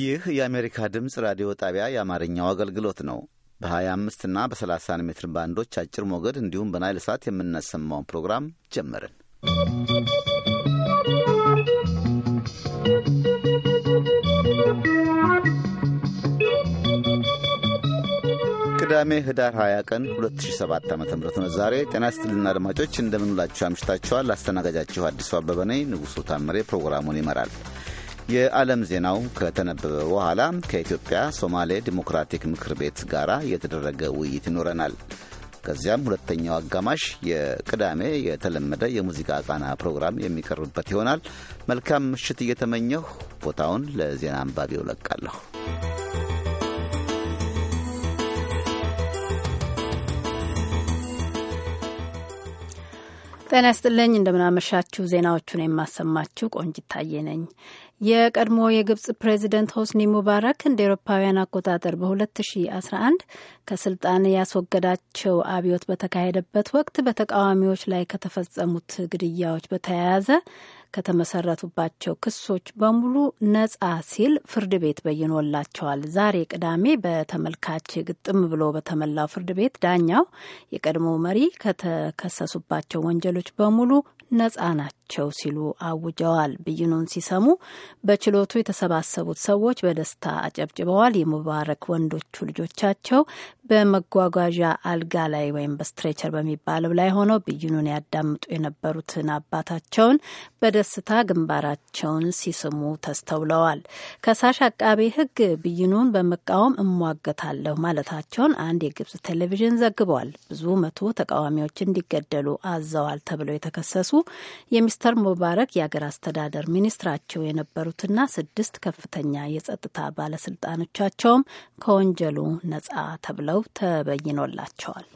ይህ የአሜሪካ ድምፅ ራዲዮ ጣቢያ የአማርኛው አገልግሎት ነው። በ25 እና በ30 ሜትር ባንዶች አጭር ሞገድ እንዲሁም በናይል ሰዓት የምናሰማውን ፕሮግራም ጀመርን። ቅዳሜ ህዳር 20 ቀን 2007 ዓ ም ነው ዛሬ። ጤና ስትልና አድማጮች እንደምንላችሁ አምሽታችኋል። አስተናጋጃችሁ አዲሱ አበበ ነኝ። ንጉሡ ታምሬ ፕሮግራሙን ይመራል። የዓለም ዜናው ከተነበበ በኋላ ከኢትዮጵያ ሶማሌ ዲሞክራቲክ ምክር ቤት ጋር የተደረገ ውይይት ይኖረናል። ከዚያም ሁለተኛው አጋማሽ የቅዳሜ የተለመደ የሙዚቃ ቃና ፕሮግራም የሚቀርብበት ይሆናል። መልካም ምሽት እየተመኘሁ ቦታውን ለዜና አንባቢው እለቃለሁ። ጤና ይስጥልኝ። እንደምናመሻችሁ። ዜናዎቹን የማሰማችሁ ቆንጅ ታዬ ነኝ። የቀድሞ የግብጽ ፕሬዚደንት ሆስኒ ሙባረክ እንደ ኤሮፓውያን አቆጣጠር በ2011 ከስልጣን ያስወገዳቸው አብዮት በተካሄደበት ወቅት በተቃዋሚዎች ላይ ከተፈጸሙት ግድያዎች በተያያዘ ከተመሰረቱባቸው ክሶች በሙሉ ነጻ ሲል ፍርድ ቤት በይኖላቸዋል። ዛሬ ቅዳሜ በተመልካች ግጥም ብሎ በተሞላው ፍርድ ቤት ዳኛው የቀድሞ መሪ ከተከሰሱባቸው ወንጀሎች በሙሉ ነጻ ናቸው ናቸው ሲሉ አውጀዋል። ብይኑን ሲሰሙ በችሎቱ የተሰባሰቡት ሰዎች በደስታ አጨብጭበዋል። የሙባረክ ወንዶቹ ልጆቻቸው በመጓጓዣ አልጋ ላይ ወይም በስትሬቸር በሚባለው ላይ ሆነው ብይኑን ያዳምጡ የነበሩትን አባታቸውን በደስታ ግንባራቸውን ሲስሙ ተስተውለዋል። ከሳሽ አቃቤ ሕግ ብይኑን በመቃወም እሟገታለሁ ማለታቸውን አንድ የግብጽ ቴሌቪዥን ዘግቧል። ብዙ መቶ ተቃዋሚዎች እንዲገደሉ አዘዋል ተብለው የተከሰሱ ሚስተር ሙባረክ የአገር አስተዳደር ሚኒስትራቸው የነበሩትና ስድስት ከፍተኛ የጸጥታ ባለስልጣኖቻቸውም ከወንጀሉ ነጻ ተብለው ተበይኖላቸዋል።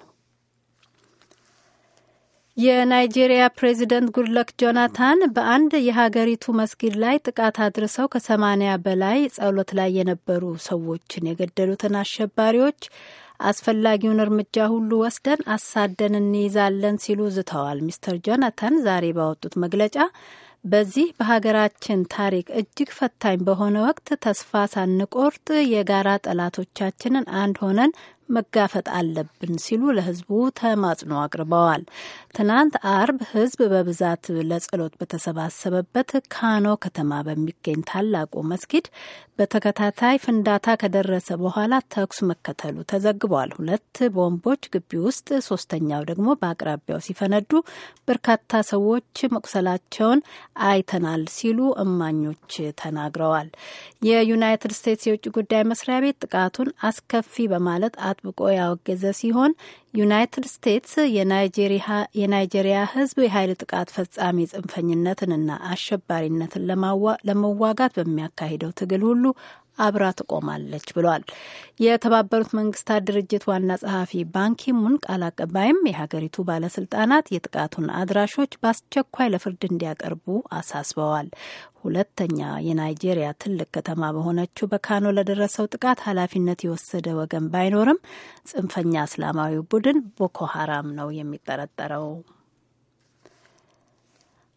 የናይጄሪያ ፕሬዚደንት ጉድለክ ጆናታን በአንድ የሀገሪቱ መስጊድ ላይ ጥቃት አድርሰው ከሰማኒያ በላይ ጸሎት ላይ የነበሩ ሰዎችን የገደሉትን አሸባሪዎች አስፈላጊውን እርምጃ ሁሉ ወስደን አሳደን እንይዛለን ሲሉ ዝተዋል። ሚስተር ጆናታን ዛሬ ባወጡት መግለጫ በዚህ በሀገራችን ታሪክ እጅግ ፈታኝ በሆነ ወቅት ተስፋ ሳንቆርጥ የጋራ ጠላቶቻችንን አንድ ሆነን መጋፈጥ አለብን ሲሉ ለህዝቡ ተማጽኖ አቅርበዋል። ትናንት አርብ ህዝብ በብዛት ለጸሎት በተሰባሰበበት ካኖ ከተማ በሚገኝ ታላቁ መስጊድ በተከታታይ ፍንዳታ ከደረሰ በኋላ ተኩስ መከተሉ ተዘግቧል። ሁለት ቦምቦች ግቢ ውስጥ፣ ሶስተኛው ደግሞ በአቅራቢያው ሲፈነዱ በርካታ ሰዎች መቁሰላቸውን አይተናል ሲሉ እማኞች ተናግረዋል። የዩናይትድ ስቴትስ የውጭ ጉዳይ መስሪያ ቤት ጥቃቱን አስከፊ በማለት አጥብቆ ያወገዘ ሲሆን ዩናይትድ ስቴትስ የናይጄሪያ ሕዝብ የኃይል ጥቃት ፈጻሚ ጽንፈኝነትንና አሸባሪነትን ለመዋጋት በሚያካሂደው ትግል ሁሉ አብራ ትቆማለች ብሏል። የተባበሩት መንግስታት ድርጅት ዋና ጸሐፊ ባንኪሙን ቃል አቀባይም የሀገሪቱ ባለስልጣናት የጥቃቱን አድራሾች በአስቸኳይ ለፍርድ እንዲያቀርቡ አሳስበዋል። ሁለተኛ የናይጄሪያ ትልቅ ከተማ በሆነችው በካኖ ለደረሰው ጥቃት ኃላፊነት የወሰደ ወገን ባይኖርም ጽንፈኛ እስላማዊ ቡድን ቦኮ ሀራም ነው የሚጠረጠረው።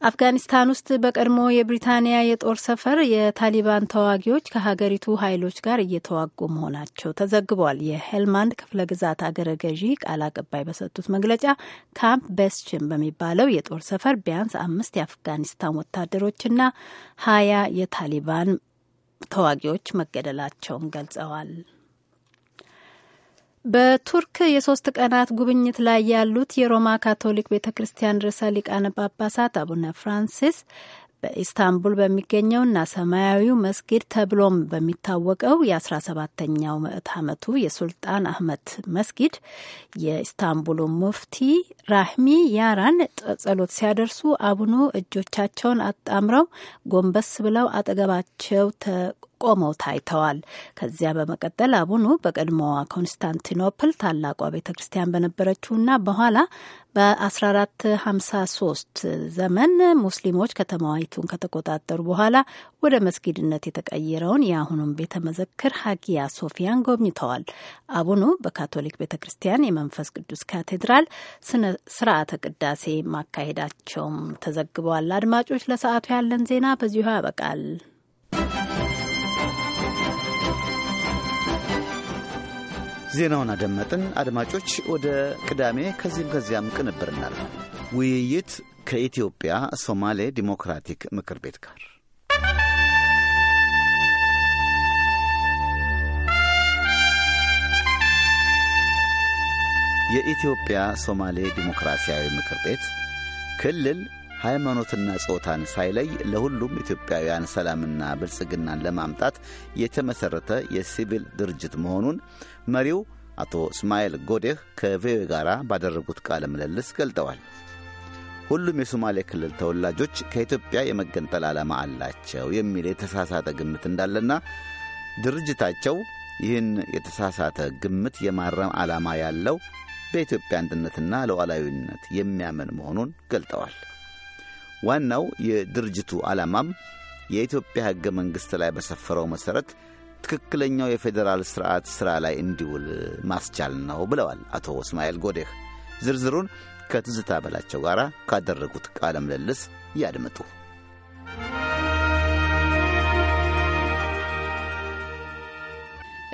አፍጋኒስታን ውስጥ በቀድሞ የብሪታንያ የጦር ሰፈር የታሊባን ተዋጊዎች ከሀገሪቱ ኃይሎች ጋር እየተዋጉ መሆናቸው ተዘግቧል። የሄልማንድ ክፍለ ግዛት አገረ ገዢ ቃል አቀባይ በሰጡት መግለጫ ካምፕ በስችን በሚባለው የጦር ሰፈር ቢያንስ አምስት የአፍጋኒስታን ወታደሮችና ሀያ የታሊባን ተዋጊዎች መገደላቸውን ገልጸዋል። በቱርክ የሶስት ቀናት ጉብኝት ላይ ያሉት የሮማ ካቶሊክ ቤተ ክርስቲያን ርዕሰ ሊቃነ ጳጳሳት አቡነ ፍራንሲስ በኢስታንቡል በሚገኘውና ሰማያዊው መስጊድ ተብሎም በሚታወቀው የአስራ ሰባተኛው ምዕት ዓመቱ የሱልጣን አህመድ መስጊድ የኢስታንቡሉ ሙፍቲ ራህሚ ያራን ጸሎት ሲያደርሱ አቡኑ እጆቻቸውን አጣምረው ጎንበስ ብለው አጠገባቸው ቆመው ታይተዋል። ከዚያ በመቀጠል አቡኑ በቀድሞዋ ኮንስታንቲኖፕል ታላቋ ቤተ ክርስቲያን በነበረችውና በኋላ በ1453 ዘመን ሙስሊሞች ከተማዋይቱን ከተቆጣጠሩ በኋላ ወደ መስጊድነት የተቀየረውን የአሁኑን ቤተ መዘክር ሀጊያ ሶፊያን ጎብኝተዋል። አቡኑ በካቶሊክ ቤተ ክርስቲያን የመንፈስ ቅዱስ ካቴድራል ስርዓተ ቅዳሴ ማካሄዳቸውም ተዘግበዋል። አድማጮች፣ ለሰዓቱ ያለን ዜና በዚሁ ያበቃል። ዜናውን አደመጥን። አድማጮች ወደ ቅዳሜ ከዚህም ከዚያም ቅንብር እናልፋል። ውይይት ከኢትዮጵያ ሶማሌ ዲሞክራቲክ ምክር ቤት ጋር የኢትዮጵያ ሶማሌ ዲሞክራሲያዊ ምክር ቤት ክልል ሃይማኖትና ጾታን ሳይለይ ለሁሉም ኢትዮጵያውያን ሰላምና ብልጽግናን ለማምጣት የተመሠረተ የሲቪል ድርጅት መሆኑን መሪው አቶ እስማኤል ጎዴህ ከቪኦኤ ጋር ባደረጉት ቃለ ምልልስ ገልጠዋል። ሁሉም የሶማሌ ክልል ተወላጆች ከኢትዮጵያ የመገንጠል ዓላማ አላቸው የሚል የተሳሳተ ግምት እንዳለና ድርጅታቸው ይህን የተሳሳተ ግምት የማረም ዓላማ ያለው በኢትዮጵያ አንድነትና ሉዓላዊነት የሚያምን መሆኑን ገልጠዋል። ዋናው የድርጅቱ ዓላማም የኢትዮጵያ ሕገ መንግሥት ላይ በሰፈረው መሠረት ትክክለኛው የፌዴራል ስርዓት ሥራ ላይ እንዲውል ማስቻል ነው ብለዋል አቶ እስማኤል ጎዴህ። ዝርዝሩን ከትዝታ በላቸው ጋር ካደረጉት ቃለ ምልልስ ያድምጡ።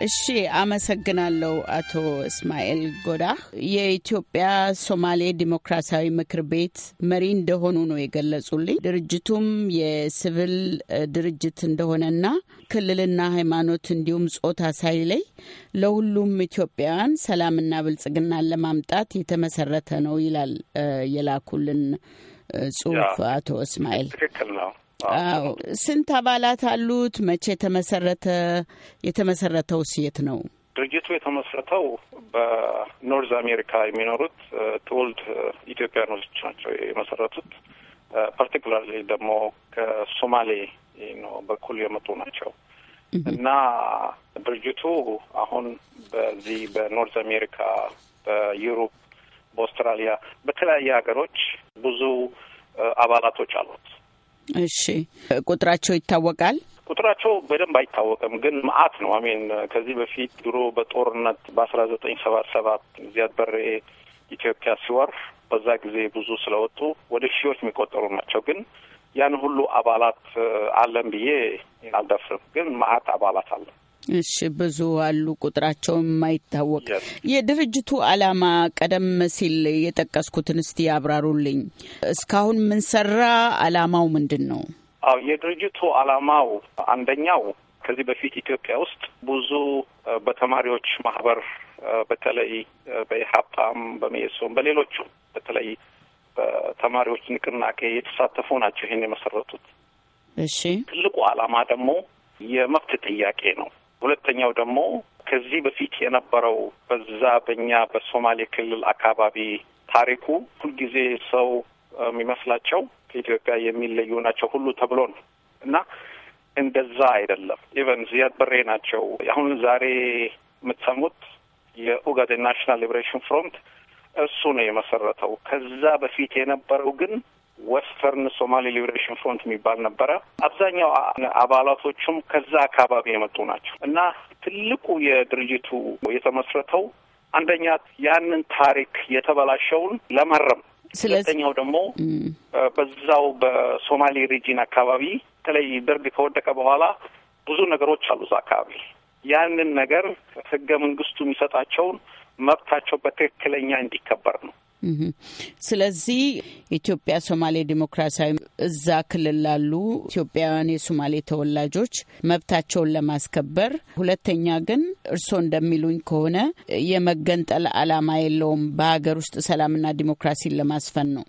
እሺ አመሰግናለሁ አቶ እስማኤል ጎዳ የኢትዮጵያ ሶማሌ ዲሞክራሲያዊ ምክር ቤት መሪ እንደሆኑ ነው የገለጹልኝ። ድርጅቱም የሲቪል ድርጅት እንደሆነና ክልልና ሃይማኖት እንዲሁም ጾታ ሳይለይ ለሁሉም ኢትዮጵያውያን ሰላምና ብልጽግናን ለማምጣት የተመሰረተ ነው ይላል የላኩልን ጽሁፍ አቶ እስማኤል። ትክክል ነው። አዎ። ስንት አባላት አሉት? መቼ የተመሰረተ? የተመሰረተው ስየት ነው? ድርጅቱ የተመሰረተው በኖርዝ አሜሪካ የሚኖሩት ትውልድ ኢትዮጵያኖች ናቸው የመሰረቱት። ፓርቲኩላርሊ ደግሞ ከሶማሌ ነው በኩል የመጡ ናቸው እና ድርጅቱ አሁን በዚህ በኖርዝ አሜሪካ፣ በዩሮፕ፣ በአውስትራሊያ በተለያየ ሀገሮች ብዙ አባላቶች አሉት። እሺ፣ ቁጥራቸው ይታወቃል? ቁጥራቸው በደንብ አይታወቅም፣ ግን ማአት ነው። አሜን ከዚህ በፊት ድሮ በጦርነት በአስራ ዘጠኝ ሰባት ሰባት ዚያድ በሬ ኢትዮጵያ ሲወር በዛ ጊዜ ብዙ ስለወጡ ወደ ሺዎች የሚቆጠሩ ናቸው። ግን ያን ሁሉ አባላት አለን ብዬ አልደፍርም፣ ግን ማአት አባላት አለን። እሺ ብዙ አሉ፣ ቁጥራቸው የማይታወቅ የድርጅቱ ዓላማ ቀደም ሲል የጠቀስኩትን እስቲ ያብራሩልኝ። እስካሁን ምን ሰራ? ዓላማው ምንድን ነው? አዎ የድርጅቱ ዓላማው አንደኛው ከዚህ በፊት ኢትዮጵያ ውስጥ ብዙ በተማሪዎች ማህበር በተለይ በኢሀፓም በመኢሶን በሌሎቹ በተለይ በተማሪዎች ንቅናቄ የተሳተፉ ናቸው ይህን የመሰረቱት። እሺ ትልቁ ዓላማ ደግሞ የመብት ጥያቄ ነው። ሁለተኛው ደግሞ ከዚህ በፊት የነበረው በዛ በኛ በሶማሌ ክልል አካባቢ ታሪኩ ሁልጊዜ ሰው የሚመስላቸው ከኢትዮጵያ የሚለዩ ናቸው ሁሉ ተብሎ ነው እና እንደዛ አይደለም። ኢቨን ዚያድ በሬ ናቸው አሁን ዛሬ የምትሰሙት የኦጋዴን ናሽናል ሊበሬሽን ፍሮንት እሱ ነው የመሰረተው። ከዛ በፊት የነበረው ግን ወስተርን ሶማሌ ሊብሬሽን ፍሮንት የሚባል ነበረ። አብዛኛው አባላቶቹም ከዛ አካባቢ የመጡ ናቸው እና ትልቁ የድርጅቱ የተመስረተው አንደኛ ያንን ታሪክ የተበላሸውን ለመረም፣ ሁለተኛው ደግሞ በዛው በሶማሌ ሪጂን አካባቢ በተለይ ደርግ ከወደቀ በኋላ ብዙ ነገሮች አሉ እዛ አካባቢ ያንን ነገር ህገ መንግስቱ የሚሰጣቸውን መብታቸው በትክክለኛ እንዲከበር ነው። ስለዚህ ኢትዮጵያ ሶማሌ ዲሞክራሲያዊ እዛ ክልል ላሉ ኢትዮጵያውያን የሶማሌ ተወላጆች መብታቸውን ለማስከበር፣ ሁለተኛ ግን እርስዎ እንደሚሉኝ ከሆነ የመገንጠል አላማ የለውም፣ በሀገር ውስጥ ሰላምና ዲሞክራሲን ለማስፈን ነው።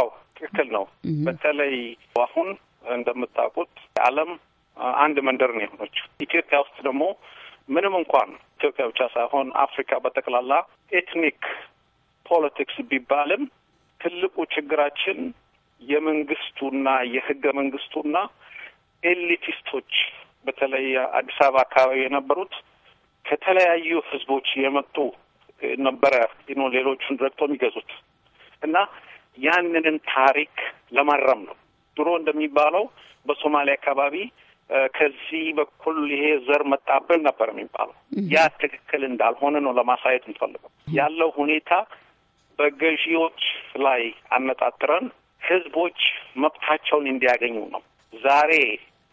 አዎ ትክክል ነው። በተለይ አሁን እንደምታውቁት የዓለም አንድ መንደር ነው የሆነችው። ኢትዮጵያ ውስጥ ደግሞ ምንም እንኳን ኢትዮጵያ ብቻ ሳይሆን አፍሪካ በጠቅላላ ኤትኒክ ፖለቲክስ ቢባልም ትልቁ ችግራችን የመንግስቱና የህገ መንግስቱና ኤሊቲስቶች በተለይ አዲስ አበባ አካባቢ የነበሩት ከተለያዩ ህዝቦች የመጡ ነበረ ኖ ሌሎቹን ረግቶ የሚገዙት እና ያንንን ታሪክ ለማረም ነው። ድሮ እንደሚባለው በሶማሌ አካባቢ ከዚህ በኩል ይሄ ዘር መጣብን ነበር የሚባለው። ያ ትክክል እንዳልሆነ ነው ለማሳየት እንፈልገው ያለው ሁኔታ በገዢዎች ላይ አነጣጥረን ህዝቦች መብታቸውን እንዲያገኙ ነው። ዛሬ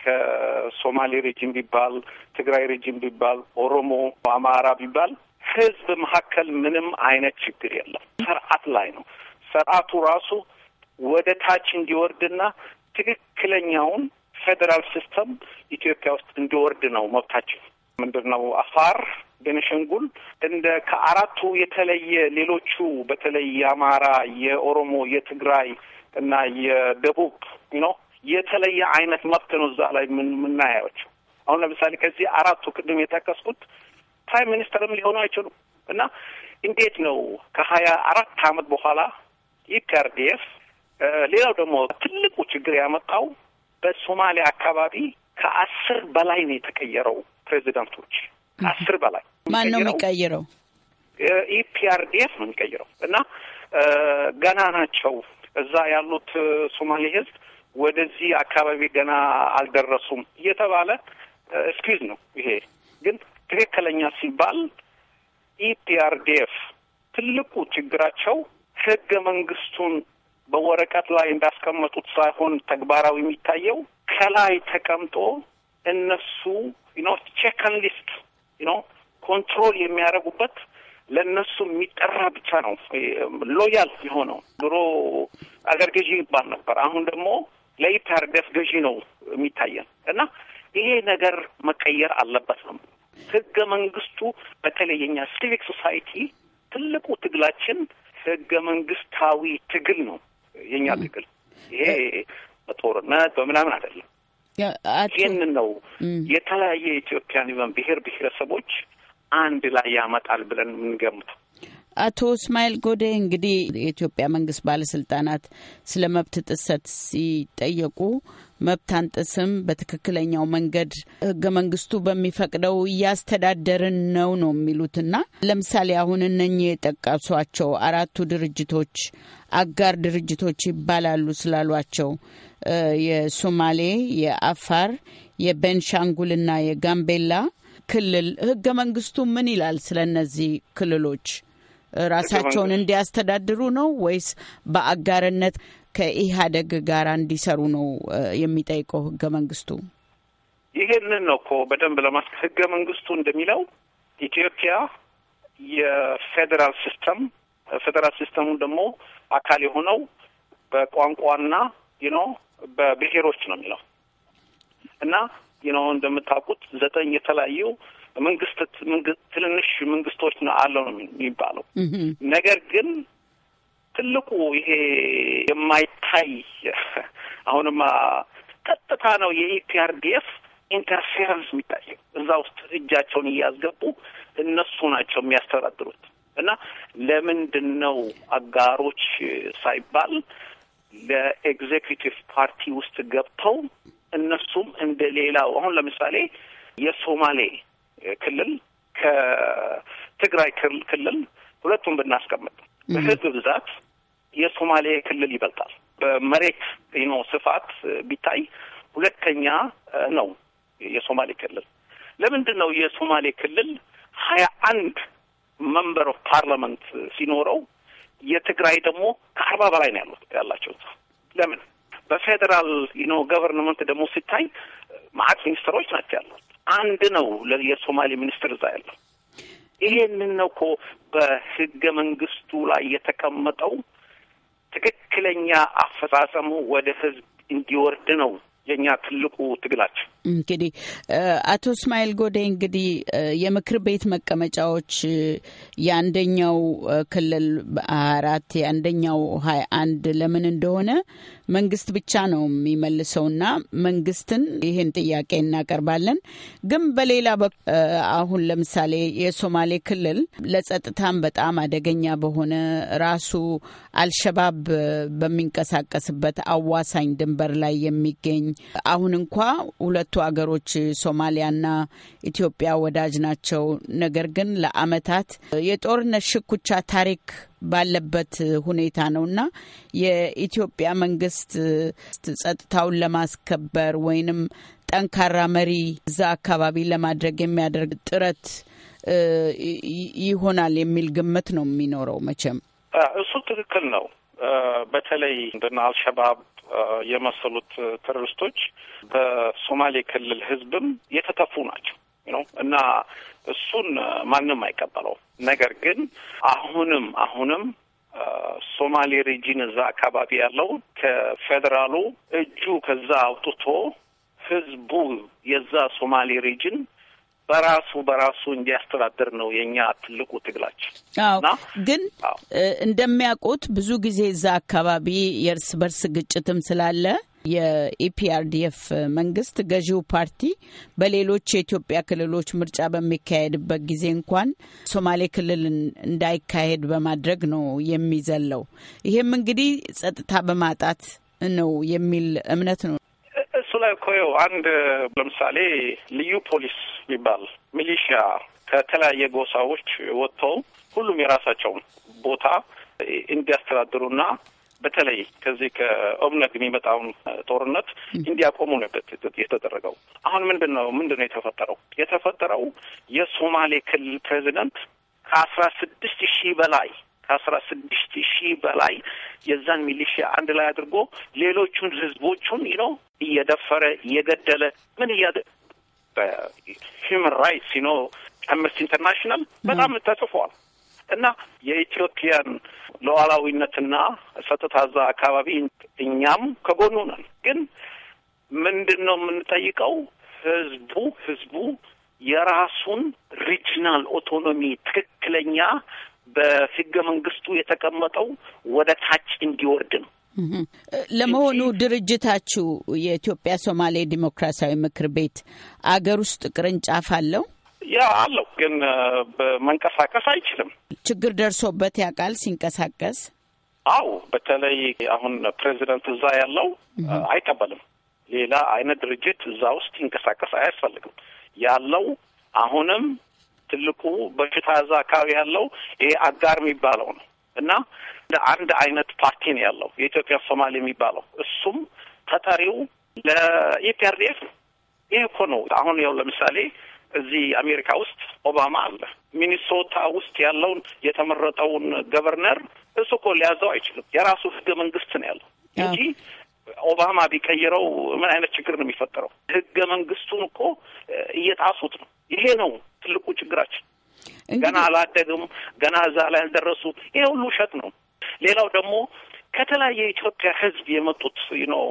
ከሶማሌ ሬጅም ቢባል፣ ትግራይ ሬጅም ቢባል፣ ኦሮሞ፣ አማራ ቢባል ህዝብ መካከል ምንም አይነት ችግር የለም። ስርዓት ላይ ነው። ስርዓቱ ራሱ ወደ ታች እንዲወርድና ትክክለኛውን ፌዴራል ሲስተም ኢትዮጵያ ውስጥ እንዲወርድ ነው መብታችን። ምንድን ነው አፋር ቤኒሻንጉል እንደ ከአራቱ የተለየ ሌሎቹ በተለይ የአማራ፣ የኦሮሞ፣ የትግራይ እና የደቡብ ነው የተለየ አይነት መብት ነው እዛ ላይ የምናያቸው። አሁን ለምሳሌ ከዚህ አራቱ ቅድም የጠቀስኩት ፕራይም ሚኒስተርም ሊሆኑ አይችሉም እና እንዴት ነው ከሀያ አራት አመት በኋላ ኢፒአርዲኤፍ ሌላው ደግሞ ትልቁ ችግር ያመጣው በሶማሊያ አካባቢ ከአስር በላይ ነው የተቀየረው ፕሬዚዳንቶች ከአስር በላይ ማን ነው የሚቀይረው? ኢፒአርዲኤፍ ነው የሚቀይረው እና ገና ናቸው እዛ ያሉት ሶማሌ ህዝብ ወደዚህ አካባቢ ገና አልደረሱም እየተባለ እስኪዝ ነው። ይሄ ግን ትክክለኛ ሲባል ኢፒአርዲኤፍ ትልቁ ችግራቸው ህገ መንግስቱን በወረቀት ላይ እንዳስቀመጡት ሳይሆን ተግባራዊ የሚታየው ከላይ ተቀምጦ እነሱ ቼከን ሊስት ነው ኮንትሮል የሚያደርጉበት ለእነሱ የሚጠራ ብቻ ነው ሎያል የሆነው። ድሮ አገር ገዢ ይባል ነበር። አሁን ደግሞ ለየት አድርገህ ገዢ ነው የሚታየን እና ይሄ ነገር መቀየር አለበት ነው ህገ መንግስቱ። በተለይ የኛ ሲቪክ ሶሳይቲ ትልቁ ትግላችን ህገ መንግስታዊ ትግል ነው የኛ ትግል። ይሄ በጦርነት በምናምን አይደለም። ይህንን ነው የተለያየ የኢትዮጵያን ብሔር ብሔረሰቦች አንድ ላይ ያመጣል ብለን የምንገምተው። አቶ እስማኤል ጎዴ እንግዲህ የኢትዮጵያ መንግስት ባለስልጣናት ስለ መብት ጥሰት ሲጠየቁ መብት አንጥስም፣ በትክክለኛው መንገድ ህገ መንግስቱ በሚፈቅደው እያስተዳደርን ነው ነው የሚሉትና ለምሳሌ አሁን እነኚህ የጠቀሷቸው አራቱ ድርጅቶች አጋር ድርጅቶች ይባላሉ ስላሏቸው የሶማሌ፣ የአፋር፣ የቤንሻንጉልና የጋምቤላ ክልል ህገ መንግስቱ ምን ይላል ስለ እነዚህ ክልሎች? ራሳቸውን እንዲያስተዳድሩ ነው ወይስ በአጋርነት ከኢህአደግ ጋር እንዲሰሩ ነው የሚጠይቀው ህገ መንግስቱ? ይህንን ነው እኮ በደንብ ለማስ ህገ መንግስቱ እንደሚለው ኢትዮጵያ የፌዴራል ሲስተም ፌዴራል ሲስተሙ ደግሞ አካል የሆነው በቋንቋና ነው በብሔሮች ነው የሚለው እና ነው እንደምታውቁት ዘጠኝ የተለያዩ መንግስት ትንንሽ መንግስቶች አለው ነው የሚባለው። ነገር ግን ትልቁ ይሄ የማይታይ አሁንማ ቀጥታ ነው የኢፒአርዲኤፍ ኢንተርፌረንስ የሚታየው እዛ ውስጥ እጃቸውን እያስገቡ እነሱ ናቸው የሚያስተዳድሩት። እና ለምንድን ነው አጋሮች ሳይባል ለኤግዜኪቲቭ ፓርቲ ውስጥ ገብተው እነሱም እንደ ሌላው አሁን ለምሳሌ የሶማሌ ክልል ከትግራይ ክልል ሁለቱን ብናስቀምጥ በህዝብ ብዛት የሶማሌ ክልል ይበልጣል። በመሬት ኖ ስፋት ቢታይ ሁለተኛ ነው የሶማሌ ክልል። ለምንድን ነው የሶማሌ ክልል ሀያ አንድ መንበር ኦፍ ፓርላመንት ሲኖረው የትግራይ ደግሞ ከአርባ በላይ ነው ያሉት ያላቸው። ለምን በፌዴራል ኖ ገቨርንመንት ደግሞ ሲታይ ማዕት ሚኒስትሮች ናቸው ያሉት አንድ ነው የሶማሌ ሚኒስትር እዛ ያለው። ይሄንን ነው እኮ በህገ መንግስቱ ላይ የተቀመጠው ትክክለኛ አፈጻጸሙ ወደ ህዝብ እንዲወርድ ነው የእኛ ትልቁ ትግላችን። እንግዲህ አቶ እስማኤል ጎዴ እንግዲህ የምክር ቤት መቀመጫዎች የአንደኛው ክልል አራት የአንደኛው ሀያ አንድ ለምን እንደሆነ መንግስት ብቻ ነው የሚመልሰውና መንግስትን ይህን ጥያቄ እናቀርባለን። ግን በሌላ አሁን ለምሳሌ የሶማሌ ክልል ለጸጥታም በጣም አደገኛ በሆነ ራሱ አልሸባብ በሚንቀሳቀስበት አዋሳኝ ድንበር ላይ የሚገኝ አሁን እንኳ ሁለት ሁለቱ አገሮች ሶማሊያና ኢትዮጵያ ወዳጅ ናቸው። ነገር ግን ለአመታት የጦርነት ሽኩቻ ታሪክ ባለበት ሁኔታ ነውና የኢትዮጵያ መንግስት ጸጥታውን ለማስከበር ወይንም ጠንካራ መሪ እዛ አካባቢ ለማድረግ የሚያደርግ ጥረት ይሆናል የሚል ግምት ነው የሚኖረው። መቼም እሱ ትክክል ነው። በተለይ እንደና አልሸባብ የመሰሉት ቴሮሪስቶች በሶማሌ ክልል ህዝብም የተተፉ ናቸው ነው እና እሱን ማንም አይቀበለው። ነገር ግን አሁንም አሁንም ሶማሌ ሪጂን እዛ አካባቢ ያለው ከፌዴራሉ እጁ ከዛ አውጥቶ ህዝቡ የዛ ሶማሌ ሪጅን በራሱ በራሱ እንዲያስተዳድር ነው የኛ ትልቁ ትግላችን። አዎ፣ ግን እንደሚያውቁት ብዙ ጊዜ እዛ አካባቢ የእርስ በርስ ግጭትም ስላለ የኢፒአርዲኤፍ መንግስት ገዢው ፓርቲ በሌሎች የኢትዮጵያ ክልሎች ምርጫ በሚካሄድበት ጊዜ እንኳን ሶማሌ ክልል እንዳይካሄድ በማድረግ ነው የሚዘለው። ይህም እንግዲህ ጸጥታ በማጣት ነው የሚል እምነት ነው ላይ እኮ አንድ ለምሳሌ ልዩ ፖሊስ የሚባል ሚሊሺያ ከተለያየ ጎሳዎች ወጥተው ሁሉም የራሳቸውን ቦታ እንዲያስተዳድሩና በተለይ ከዚህ ከኦብነግ የሚመጣውን ጦርነት እንዲያቆሙ ነበት የተደረገው። አሁን ምንድን ነው ምንድን ነው የተፈጠረው? የተፈጠረው የሶማሌ ክልል ፕሬዚደንት ከአስራ ስድስት ሺህ በላይ ከአስራ ስድስት ሺህ በላይ የዛን ሚሊሺያ አንድ ላይ አድርጎ ሌሎቹን ህዝቦቹን ነው እየደፈረ እየገደለ ምን እያደ በሂውማን ራይትስ ኖ አምነስቲ ኢንተርናሽናል በጣም ተጽፏል። እና የኢትዮጵያን ሉዓላዊነትና ጸጥታ እዛ አካባቢ እኛም ከጎኑ ነን። ግን ምንድን ነው የምንጠይቀው? ህዝቡ ህዝቡ የራሱን ሪጅናል ኦቶኖሚ ትክክለኛ በህገ መንግስቱ የተቀመጠው ወደ ታች እንዲወርድ ነው። ለመሆኑ ድርጅታችሁ የኢትዮጵያ ሶማሌ ዲሞክራሲያዊ ምክር ቤት አገር ውስጥ ቅርንጫፍ አለው? ያ አለው፣ ግን መንቀሳቀስ አይችልም። ችግር ደርሶበት ያውቃል ሲንቀሳቀስ? አው በተለይ አሁን ፕሬዚደንት እዛ ያለው አይቀበልም። ሌላ አይነት ድርጅት እዛ ውስጥ ይንቀሳቀስ አያስፈልግም ያለው አሁንም ትልቁ በሽታ እዛ አካባቢ ያለው ይሄ አጋር የሚባለው ነው እና አንድ አይነት ፓርቲ ነው ያለው የኢትዮጵያ ሶማሌ የሚባለው እሱም ተጠሪው ለኢፒአርዲኤፍ ይህ እኮ ነው። አሁን ያው ለምሳሌ እዚህ አሜሪካ ውስጥ ኦባማ አለ። ሚኒሶታ ውስጥ ያለውን የተመረጠውን ገቨርነር እሱ እኮ ሊያዘው አይችልም። የራሱ ህገ መንግስት ነው ያለው እንጂ ኦባማ ቢቀይረው ምን አይነት ችግር ነው የሚፈጠረው? ህገ መንግስቱን እኮ እየጣሱት ነው። ይሄ ነው ትልቁ ችግራችን። ገና አላደግም፣ ገና እዛ ላይ አልደረሱ። ይሄ ሁሉ ውሸት ነው። ሌላው ደግሞ ከተለያየ የኢትዮጵያ ሕዝብ የመጡት ነው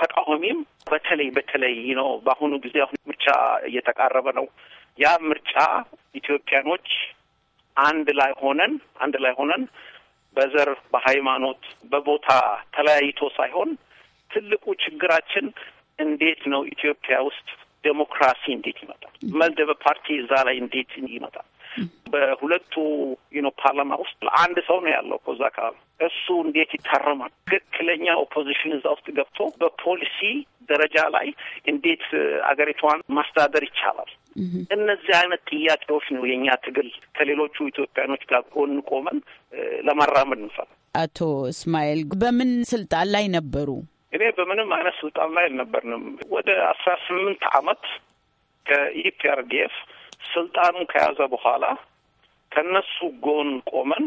ተቃዋሚም በተለይ በተለይ ነው በአሁኑ ጊዜ አሁን ምርጫ እየተቃረበ ነው። ያ ምርጫ ኢትዮጵያኖች አንድ ላይ ሆነን አንድ ላይ ሆነን በዘር በሃይማኖት በቦታ ተለያይቶ ሳይሆን ትልቁ ችግራችን እንዴት ነው ኢትዮጵያ ውስጥ ዴሞክራሲ እንዴት ይመጣል? መልደበ ፓርቲ እዛ ላይ እንዴት ይመጣል? በሁለቱ ዩኖ ፓርላማ ውስጥ አንድ ሰው ነው ያለው ከዛ አካባቢ እሱ እንዴት ይታረማል? ትክክለኛ ኦፖዚሽን እዛ ውስጥ ገብቶ በፖሊሲ ደረጃ ላይ እንዴት አገሪቷን ማስተዳደር ይቻላል? እነዚህ አይነት ጥያቄዎች ነው የእኛ ትግል ከሌሎቹ ኢትዮጵያኖች ጋር ጎን ቆመን ለማራመድ እንፈል። አቶ እስማኤል በምን ስልጣን ላይ ነበሩ? እኔ በምንም አይነት ስልጣን ላይ አልነበርንም። ወደ አስራ ስምንት አመት ከኢፒአርዲኤፍ ስልጣኑ ከያዘ በኋላ ከነሱ ጎን ቆመን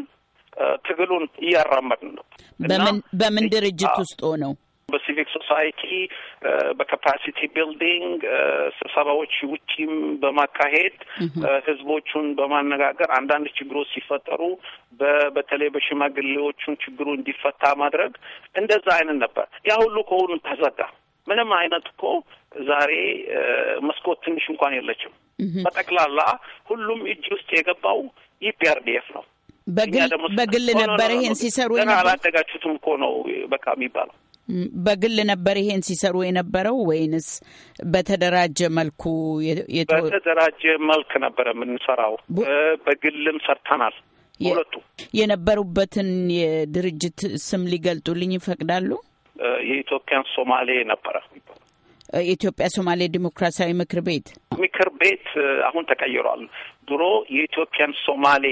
ትግሉን እያራመድን ነው። በምን በምን ድርጅት ውስጥ ሆነው በሲቪክ ሶሳይቲ በካፓሲቲ ቢልዲንግ ስብሰባዎች ውጪም በማካሄድ ህዝቦቹን በማነጋገር አንዳንድ ችግሮች ሲፈጠሩ በተለይ በሽማግሌዎቹን ችግሩ እንዲፈታ ማድረግ እንደዛ አይነት ነበር። ያ ሁሉ ከሆኑ ተዘጋ። ምንም አይነት እኮ ዛሬ መስኮት ትንሽ እንኳን የለችም። በጠቅላላ ሁሉም እጅ ውስጥ የገባው ኢፒአርዲኤፍ ነው። በግል ነበር ይሄን ሲሰሩ ገና አላደጋችሁትም እኮ ነው በቃ የሚባለው በግል ነበር ይሄን ሲሰሩ የነበረው ወይንስ በተደራጀ መልኩ? በተደራጀ መልክ ነበር የምንሰራው። በግልም ሰርተናል። ሁለቱ የነበሩበትን የድርጅት ስም ሊገልጡልኝ ይፈቅዳሉ? የኢትዮጵያን ሶማሌ ነበረ። የኢትዮጵያ ሶማሌ ዲሞክራሲያዊ ምክር ቤት ምክር ቤት አሁን ተቀይሯል። ድሮ የኢትዮጵያን ሶማሌ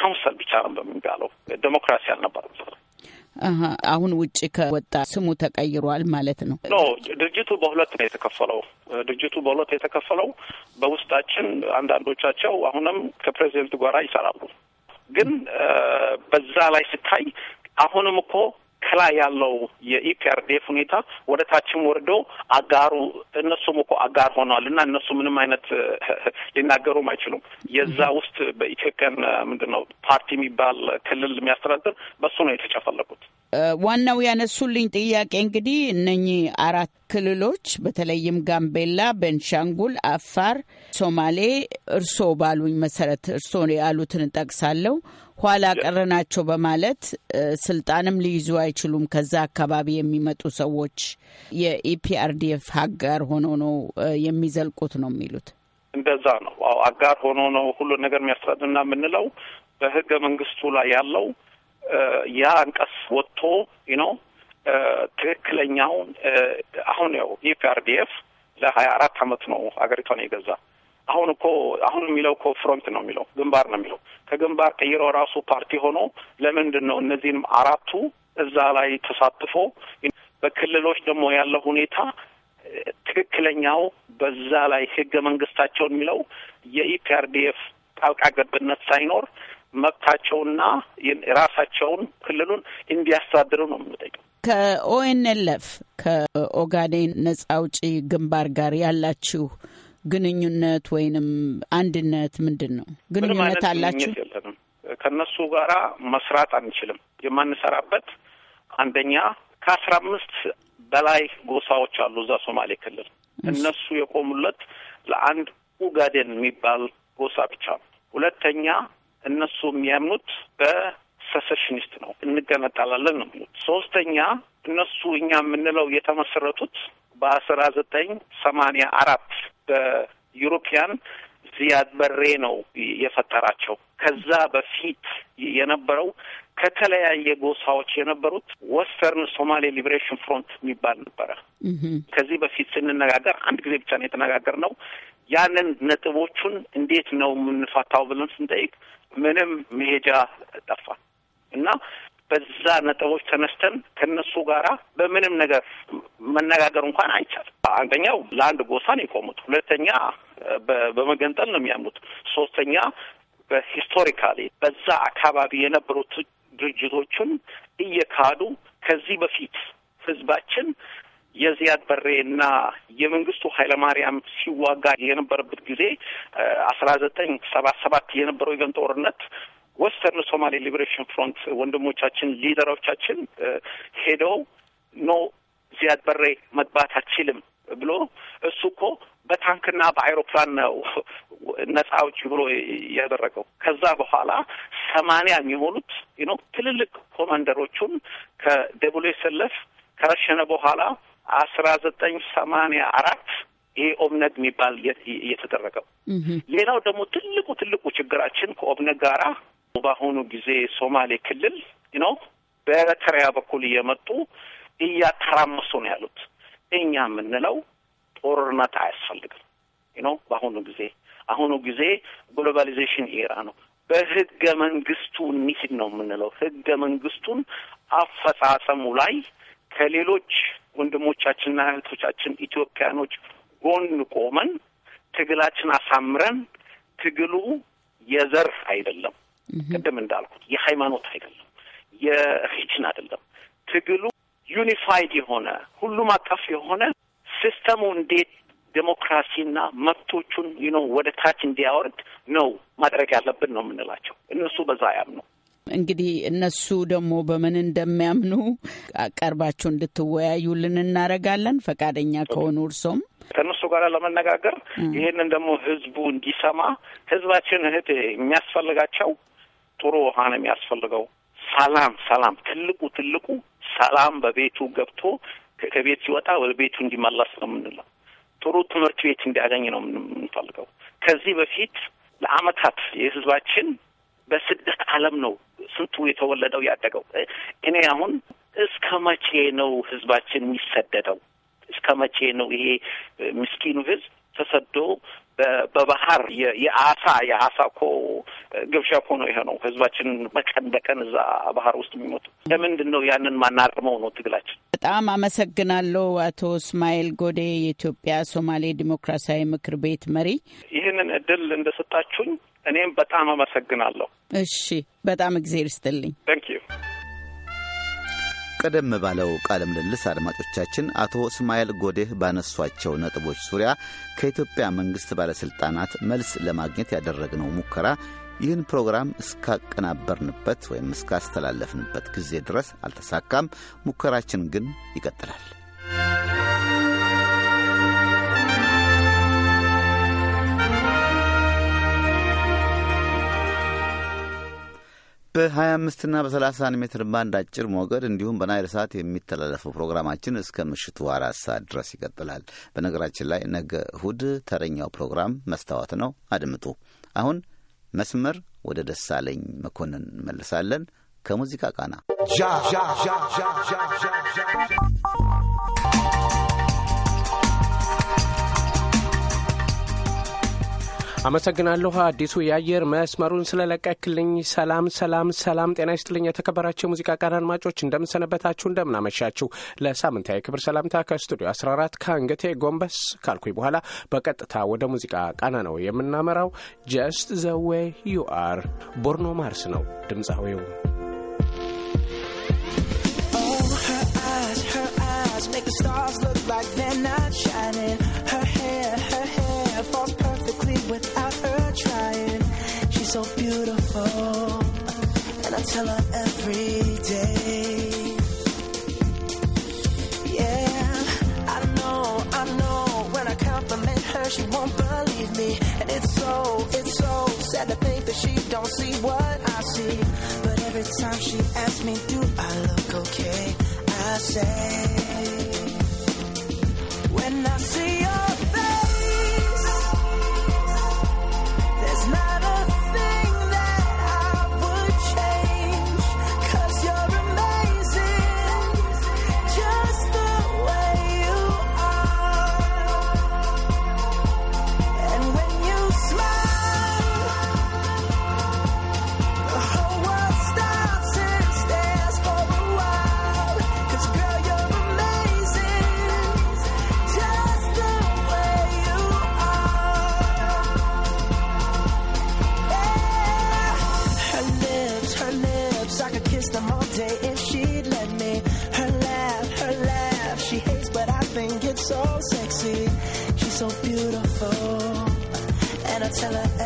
ካውንስል ብቻ ነው በሚባለው ዲሞክራሲ አልነበረም። አሁን ውጭ ከወጣ ስሙ ተቀይሯል ማለት ነው። ኖ ድርጅቱ በሁለት ነው የተከፈለው። ድርጅቱ በሁለት የተከፈለው በውስጣችን አንዳንዶቻቸው አሁንም ከፕሬዚደንቱ ጋራ ይሰራሉ። ግን በዛ ላይ ስታይ አሁንም እኮ ከላይ ያለው የኢፒአርዴፍ ሁኔታ ወደ ታችም ወርዶ አጋሩ እነሱም እኮ አጋር ሆነዋል እና እነሱ ምንም አይነት ሊናገሩም አይችሉም። የዛ ውስጥ በኢትዮጵያን ምንድን ነው ፓርቲ የሚባል ክልል የሚያስተዳድር በሱ ነው የተጨፈለቁት። ዋናው ያነሱልኝ ጥያቄ እንግዲህ እነኚህ አራት ክልሎች በተለይም ጋምቤላ፣ ቤንሻንጉል፣ አፋር፣ ሶማሌ እርሶ ባሉኝ መሰረት እርሶ ያሉትን እጠቅሳለሁ ኋላ ቀረ ናቸው በማለት ስልጣንም ሊይዙ አይችሉም። ከዛ አካባቢ የሚመጡ ሰዎች የኢፒአርዲኤፍ አጋር ሆኖ ነው የሚዘልቁት ነው የሚሉት። እንደዛ ነው። አዎ አጋር ሆኖ ነው ሁሉ ነገር የሚያስተዳድርና የምንለው በህገ መንግስቱ ላይ ያለው ያ አንቀስ ወጥቶ ነው ትክክለኛውን አሁን ያው ኢፒአርዲኤፍ ለሀያ አራት አመት ነው ሀገሪቷን የገዛ አሁን እኮ አሁን የሚለው እኮ ፍሮንት ነው የሚለው ግንባር ነው የሚለው ከግንባር ቀይረው ራሱ ፓርቲ ሆኖ ለምንድን ነው እነዚህንም አራቱ እዛ ላይ ተሳትፎ በክልሎች ደግሞ ያለው ሁኔታ ትክክለኛው በዛ ላይ ህገ መንግስታቸውን የሚለው የኢፒአርዲኤፍ ጣልቃ ገብነት ሳይኖር መብታቸውና ራሳቸውን ክልሉን እንዲያስተዳድሩ ነው የምንጠይቀው። ከኦኤንኤልኤፍ ከኦጋዴን ነጻ አውጪ ግንባር ጋር ያላችሁ ግንኙነት ወይንም አንድነት ምንድን ነው? ግንኙነት አላችሁ? ከእነሱ ጋራ መስራት አንችልም። የማንሰራበት አንደኛ ከአስራ አምስት በላይ ጎሳዎች አሉ እዛ ሶማሌ ክልል። እነሱ የቆሙለት ለአንድ ኡጋዴን የሚባል ጎሳ ብቻ ነው። ሁለተኛ እነሱ የሚያምኑት በ ሰሰሽኒስት ነው፣ እንገነጠላለን ነው የሚሉት። ሶስተኛ እነሱ እኛ የምንለው የተመሰረቱት በአስራ ዘጠኝ ሰማንያ አራት በዩሮፒያን ዚያድ በሬ ነው የፈጠራቸው። ከዛ በፊት የነበረው ከተለያየ ጎሳዎች የነበሩት ወስተርን ሶማሌ ሊብሬሽን ፍሮንት የሚባል ነበረ። ከዚህ በፊት ስንነጋገር አንድ ጊዜ ብቻ ነው ነው። ያንን ነጥቦቹን እንዴት ነው የምንፈታው ብለን ስንጠይቅ ምንም መሄጃ ጠፋ። እና በዛ ነጥቦች ተነስተን ከነሱ ጋራ በምንም ነገር መነጋገር እንኳን አይቻልም። አንደኛው ለአንድ ጎሳን የቆሙት፣ ሁለተኛ በመገንጠል ነው የሚያምኑት፣ ሶስተኛ በሂስቶሪካሊ በዛ አካባቢ የነበሩት ድርጅቶችን እየካዱ ከዚህ በፊት ህዝባችን የዚያድ በሬ እና የመንግስቱ ኃይለማርያም ሲዋጋ የነበረበት ጊዜ አስራ ዘጠኝ ሰባት ሰባት የነበረው የገንጦ ወስተርን ሶማሌ ሊበሬሽን ፍሮንት ወንድሞቻችን ሊደሮቻችን ሄደው ኖ ዚያድ በሬ መግባት አትችልም ብሎ እሱ እኮ በታንክና በአይሮፕላን ነው ነጻ አውጪ ብሎ ያደረገው። ከዛ በኋላ ሰማንያ የሚሆኑት ነው ትልልቅ ኮማንደሮቹን ከደቡሌ ከረሸነ በኋላ አስራ ዘጠኝ ሰማንያ አራት ይሄ ኦብነግ የሚባል እየተደረገው። ሌላው ደግሞ ትልቁ ትልቁ ችግራችን ከኦብነግ ጋራ በአሁኑ ጊዜ ሶማሌ ክልል ነው በኤርትራ በኩል እየመጡ እያተራመሱ ነው ያሉት። እኛ የምንለው ጦርነት አያስፈልግም ነው በአሁኑ ጊዜ አሁኑ ጊዜ ግሎባሊዜሽን ኤራ ነው። በህገ መንግስቱ እንሂድ ነው የምንለው። ህገ መንግስቱን አፈጻጸሙ ላይ ከሌሎች ወንድሞቻችንና እህቶቻችን ኢትዮጵያኖች ጎን ቆመን ትግላችን አሳምረን ትግሉ የዘር አይደለም ቅድም እንዳልኩት የሃይማኖት አይደለም፣ የሪጅን አይደለም። ትግሉ ዩኒፋይድ የሆነ ሁሉም አቀፍ የሆነ ሲስተሙ እንዴት ዴሞክራሲና መብቶቹን ይኖ ወደ ታች እንዲያወርድ ነው ማድረግ ያለብን ነው የምንላቸው። እነሱ በዛ ያምኑ። እንግዲህ እነሱ ደግሞ በምን እንደሚያምኑ ቀርባችሁ እንድትወያዩልን እናደርጋለን፣ ፈቃደኛ ከሆኑ እርሶም ከእነሱ ጋር ለመነጋገር ይህንን ደግሞ ህዝቡ እንዲሰማ ህዝባችን እህት የሚያስፈልጋቸው ጥሩ ውሃ ነው የሚያስፈልገው። ሰላም ሰላም፣ ትልቁ ትልቁ ሰላም በቤቱ ገብቶ ከቤት ሲወጣ ወደ ቤቱ እንዲመለስ ነው የምንለው። ጥሩ ትምህርት ቤት እንዲያገኝ ነው የምንፈልገው። ከዚህ በፊት ለአመታት የህዝባችን በስደት ዓለም ነው ስንቱ የተወለደው ያደገው። እኔ አሁን እስከ መቼ ነው ህዝባችን የሚሰደደው? እስከ መቼ ነው ይሄ ምስኪኑ ህዝብ ተሰዶ በባህር የአሳ የአሳ እኮ ግብዣ እኮ ነው። ይሄ ነው ህዝባችን በቀን በቀን እዛ ባህር ውስጥ የሚሞቱ ለምንድን ነው ያንን ማናርመው ነው ትግላችን። በጣም አመሰግናለሁ አቶ እስማኤል ጎዴ የኢትዮጵያ ሶማሌ ዲሞክራሲያዊ ምክር ቤት መሪ፣ ይህንን እድል እንደሰጣችሁኝ እኔም በጣም አመሰግናለሁ። እሺ፣ በጣም እግዜር ይስጥልኝ። ታንክ ዩ ቀደም ባለው ቃለ ምልልስ አድማጮቻችን አቶ እስማኤል ጎዴህ ባነሷቸው ነጥቦች ዙሪያ ከኢትዮጵያ መንግሥት ባለሥልጣናት መልስ ለማግኘት ያደረግነው ሙከራ ይህን ፕሮግራም እስካቀናበርንበት ወይም እስካስተላለፍንበት ጊዜ ድረስ አልተሳካም። ሙከራችን ግን ይቀጥላል። በ25ና በ 30 ሜትር ባንድ አጭር ሞገድ እንዲሁም በናይል ሰዓት የሚተላለፈው ፕሮግራማችን እስከ ምሽቱ አራት ሰዓት ድረስ ይቀጥላል። በነገራችን ላይ ነገ እሁድ ተረኛው ፕሮግራም መስታወት ነው። አድምጡ። አሁን መስመር ወደ ደሳለኝ መኮንን እንመልሳለን ከሙዚቃ ቃና አመሰግናለሁ አዲሱ የአየር መስመሩን ስለለቀክልኝ። ሰላም ሰላም ሰላም፣ ጤና ይስጥልኝ። የተከበራቸው የሙዚቃ ቃና አድማጮች እንደምንሰነበታችሁ፣ እንደምናመሻችሁ። ለሳምንታዊ ክብር ሰላምታ ከስቱዲዮ 14 ከአንገቴ ጎንበስ ካልኩኝ በኋላ በቀጥታ ወደ ሙዚቃ ቃና ነው የምናመራው። ጀስት ዘ ዌይ ዩ አር ቦርኖ ማርስ ነው ድምፃዊው። oh, Make the stars look like they're not every day. Yeah, I know, I know. When I compliment her, she won't believe me. And it's so, it's so sad to think that she don't see what I see. But every time she asks me, do I look okay? I say, when I see you. tell her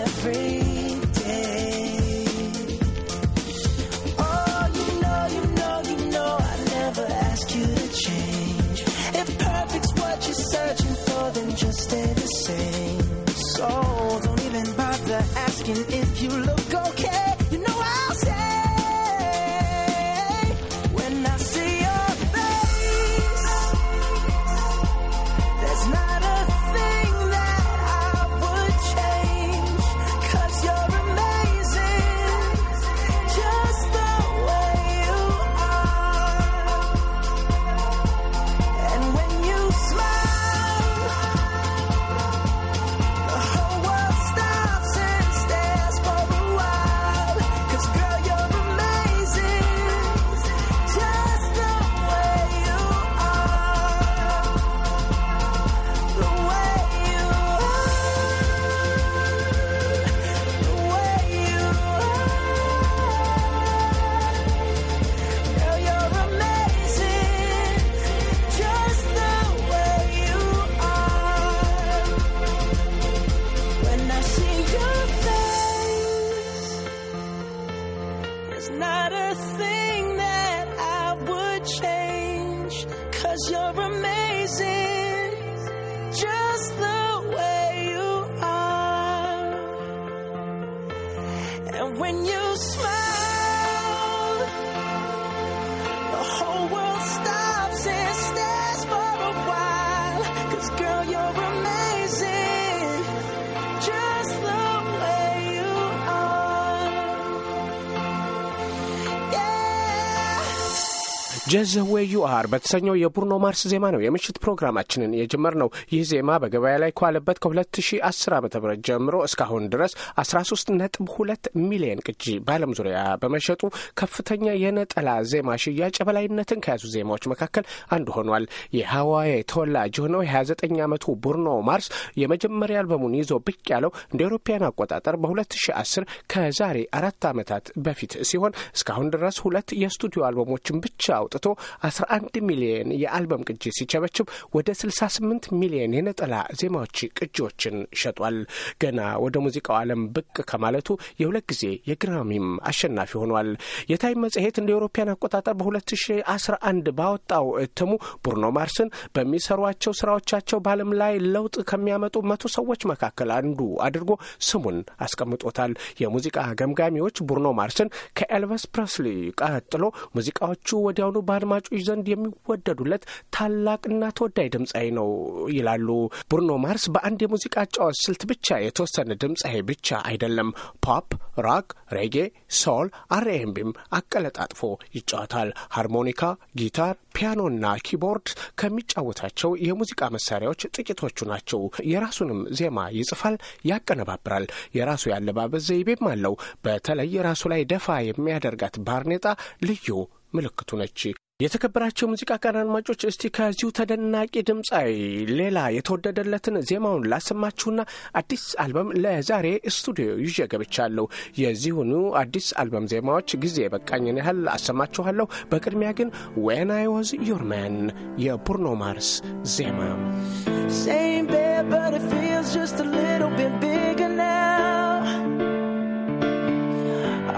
ደዘ ዌይ ዩ አር በተሰኘው የቡርኖ ማርስ ዜማ ነው የምሽት ፕሮግራማችንን የጀመርነው። ይህ ዜማ በገበያ ላይ ከዋለበት ከ2010 ዓ ም ጀምሮ እስካሁን ድረስ 13.2 ሚሊየን ቅጂ በዓለም ዙሪያ በመሸጡ ከፍተኛ የነጠላ ዜማ ሽያጭ በላይነትን ከያዙ ዜማዎች መካከል አንዱ ሆኗል። የሃዋይ ተወላጅ የሆነው የ29 ዓመቱ ቡርኖ ማርስ የመጀመሪያ አልበሙን ይዞ ብቅ ያለው እንደ አውሮፓውያን አቆጣጠር በ2010 ከዛሬ አራት ዓመታት በፊት ሲሆን እስካሁን ድረስ ሁለት የስቱዲዮ አልበሞችን ብቻ አውጥቶ 11 ሚሊየን የአልበም ቅጂ ሲቸበችብ ወደ 68 ሚሊየን የነጠላ ዜማዎች ቅጂዎችን ሸጧል። ገና ወደ ሙዚቃው ዓለም ብቅ ከማለቱ የሁለት ጊዜ የግራሚም አሸናፊ ሆኗል። የታይም መጽሔት እንደ አውሮፓውያን አቆጣጠር በ2011 ባወጣው እትሙ ቡርኖ ማርስን በሚሰሯቸው ስራዎቻቸው በዓለም ላይ ለውጥ ከሚያመጡ መቶ ሰዎች መካከል አንዱ አድርጎ ስሙን አስቀምጦታል። የሙዚቃ ገምጋሚዎች ቡርኖ ማርስን ከኤልቨስ ፕረስሊ ቀጥሎ ሙዚቃዎቹ ወዲያውኑ አድማጮች ዘንድ የሚወደዱለት ታላቅና ተወዳጅ ድምፃዊ ነው ይላሉ። ብሩኖ ማርስ በአንድ የሙዚቃ አጫዋች ስልት ብቻ የተወሰነ ድምፃዊ ብቻ አይደለም። ፖፕ፣ ራክ፣ ሬጌ፣ ሶል፣ አርኤምቢም አቀለጣጥፎ ይጫወታል። ሃርሞኒካ፣ ጊታር፣ ፒያኖና ኪቦርድ ከሚጫወታቸው የሙዚቃ መሳሪያዎች ጥቂቶቹ ናቸው። የራሱንም ዜማ ይጽፋል፣ ያቀነባብራል። የራሱ ያለባበስ ዘይቤም አለው። በተለይ ራሱ ላይ ደፋ የሚያደርጋት ባርኔጣ ልዩ ምልክቱ ነች። የተከበራቸው ሙዚቃ ቀን አድማጮች፣ እስቲ ከዚሁ ተደናቂ ድምፃዊ ሌላ የተወደደለትን ዜማውን ላሰማችሁና አዲስ አልበም ለዛሬ ስቱዲዮ ይዤ ገብቻለሁ። የዚሁኑ አዲስ አልበም ዜማዎች ጊዜ የበቃኝን ያህል አሰማችኋለሁ። በቅድሚያ ግን ዌን አይ ዋዝ ዮር ማን የቡርኖ ማርስ ዜማ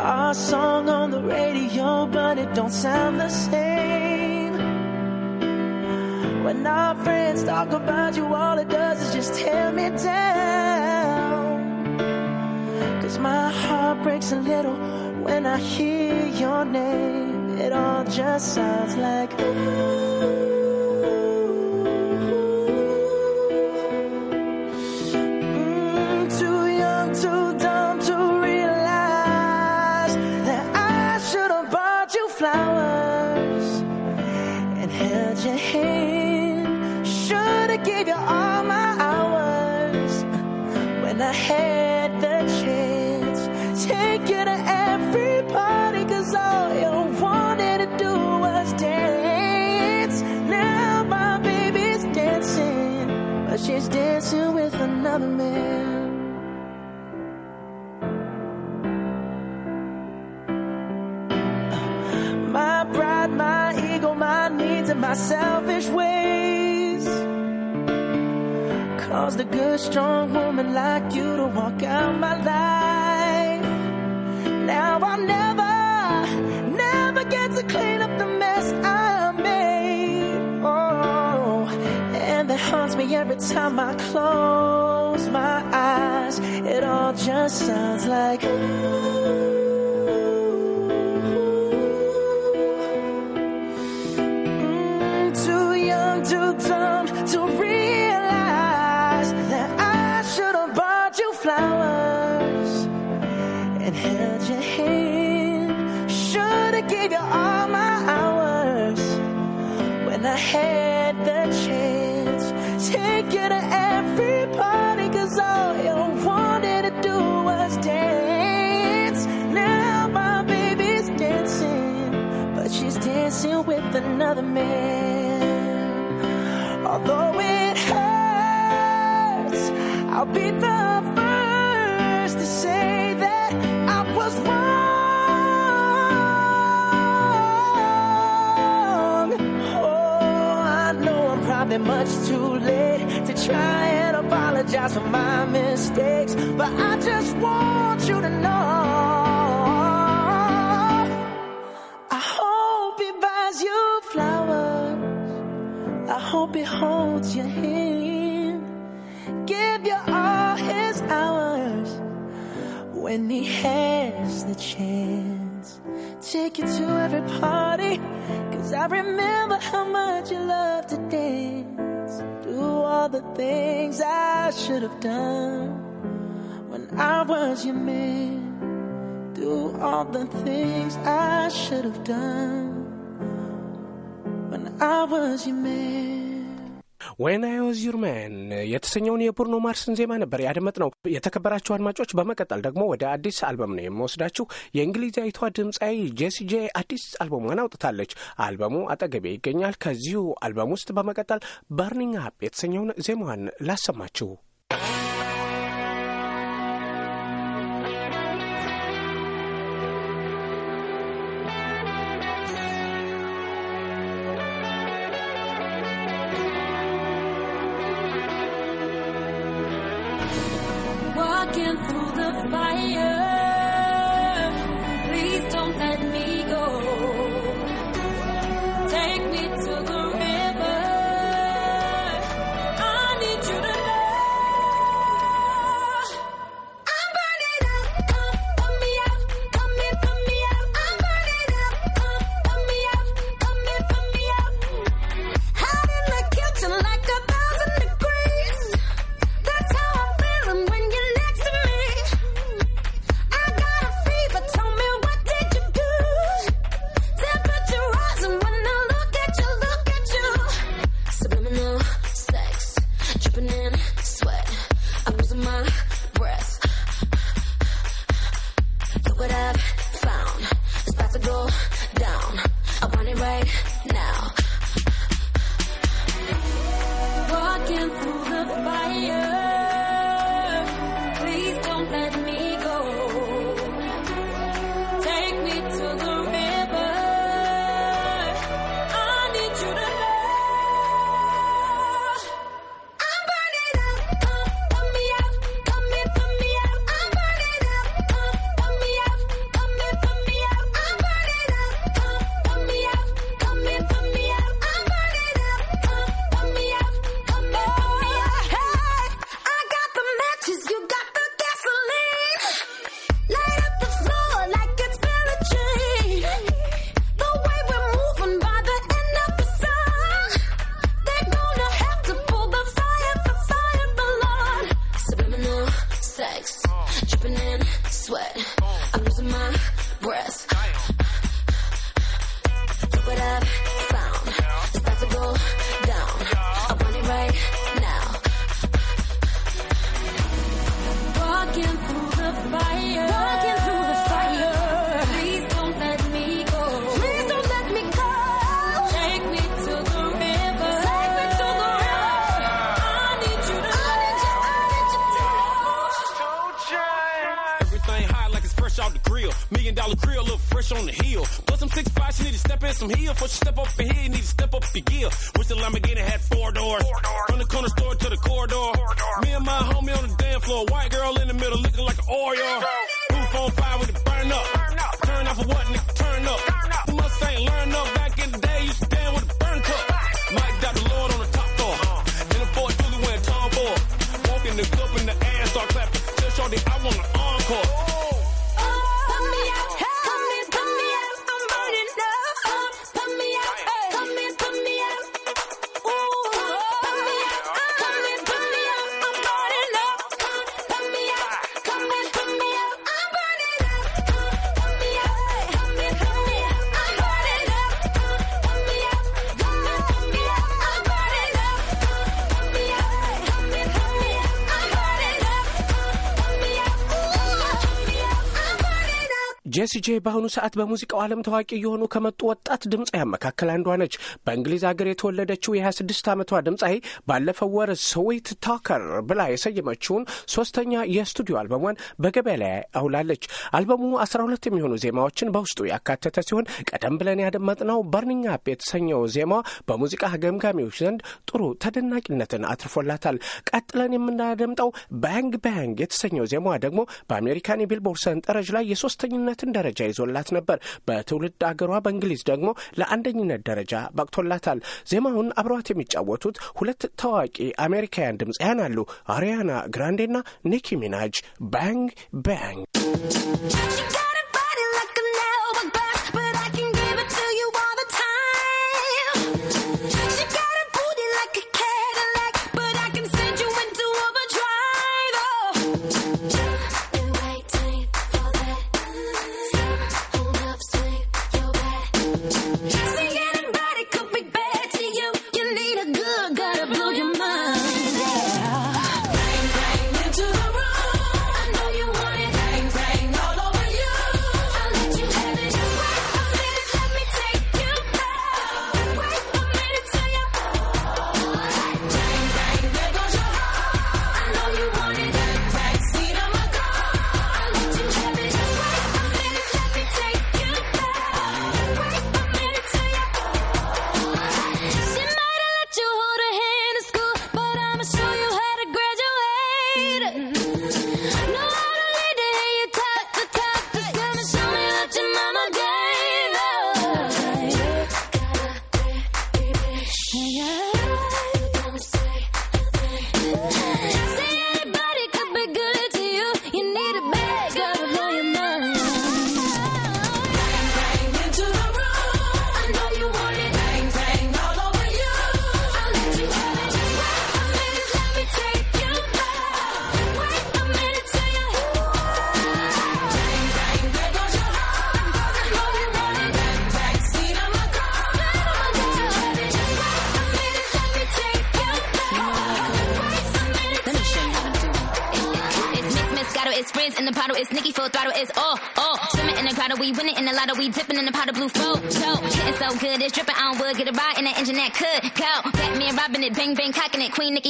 our song on the radio, but it don't sound the same. When our friends talk about you, all it does is just tear me down. Cause my heart breaks a little when I hear your name. It all just sounds like. Ooh. Mm, too dumb too. had the chance. Take it to everybody, cause all you wanted to do was dance. Now my baby's dancing, but she's dancing with another man. My pride, my ego, my needs, and myself. caused a good, strong woman like you to walk out my life. Now I'll never, never get to clean up the mess I made. Oh, and that haunts me every time I close my eyes. It all just sounds like. Ooh. dancing with another man. Although it hurts, I'll be the first to say that I was wrong. Oh, I I'm probably much too late to try and apologize for my mistakes, but I just want you to know. Hope holds your hand. Give you all his hours when he has the chance. Take you to every party, cause I remember how much you loved to dance. Do all the things I should have done when I was your man. Do all the things I should have done when I was your man. ወን አይ ዋዝ ዩር ማን የተሰኘውን የቡርኖ ማርስን ዜማ ነበር ያደመጥነው። የተከበራችሁ አድማጮች፣ በመቀጠል ደግሞ ወደ አዲስ አልበም ነው የምወስዳችሁ። የእንግሊዛዊቷ ድምፃዊ ጄሲ ጄ አዲስ አልበሟን አውጥታለች። አልበሙ አጠገቤ ይገኛል። ከዚሁ አልበም ውስጥ በመቀጠል በርኒንግ አፕ የተሰኘውን ዜማዋን ላሰማችሁ። door. From the corner store to the corridor. corridor. Me and my homie on the damn floor, white ጄሲጄ በአሁኑ ሰዓት በሙዚቃው ዓለም ታዋቂ የሆኑ ከመጡ ወጣት ድምፃውያን መካከል አንዷ ነች። በእንግሊዝ ሀገር የተወለደችው የ26 ዓመቷ ድምፃዊ ባለፈው ወር ስዊት ታከር ብላ የሰየመችውን ሶስተኛ የስቱዲዮ አልበሟን በገበያ ላይ አውላለች። አልበሙ 12 የሚሆኑ ዜማዎችን በውስጡ ያካተተ ሲሆን ቀደም ብለን ያደመጥነው በርኒንግ አፕ የተሰኘው ዜማ በሙዚቃ ገምጋሚዎች ዘንድ ጥሩ ተደናቂነትን አትርፎላታል። ቀጥለን የምናደምጠው ባንግ ባንግ የተሰኘው ዜማዋ ደግሞ በአሜሪካን የቢልቦርድ ሰንጠረዥ ላይ የሶስተኝነትን ደረጃ ይዞላት ነበር። በትውልድ አገሯ በእንግሊዝ ደግሞ ለአንደኝነት ደረጃ በቅቶላታል። ዜማውን አብረዋት የሚጫወቱት ሁለት ታዋቂ አሜሪካውያን ድምፃውያን አሉ፣ አሪያና ግራንዴና ኒኪ ሚናጅ። ባንግ ባንግ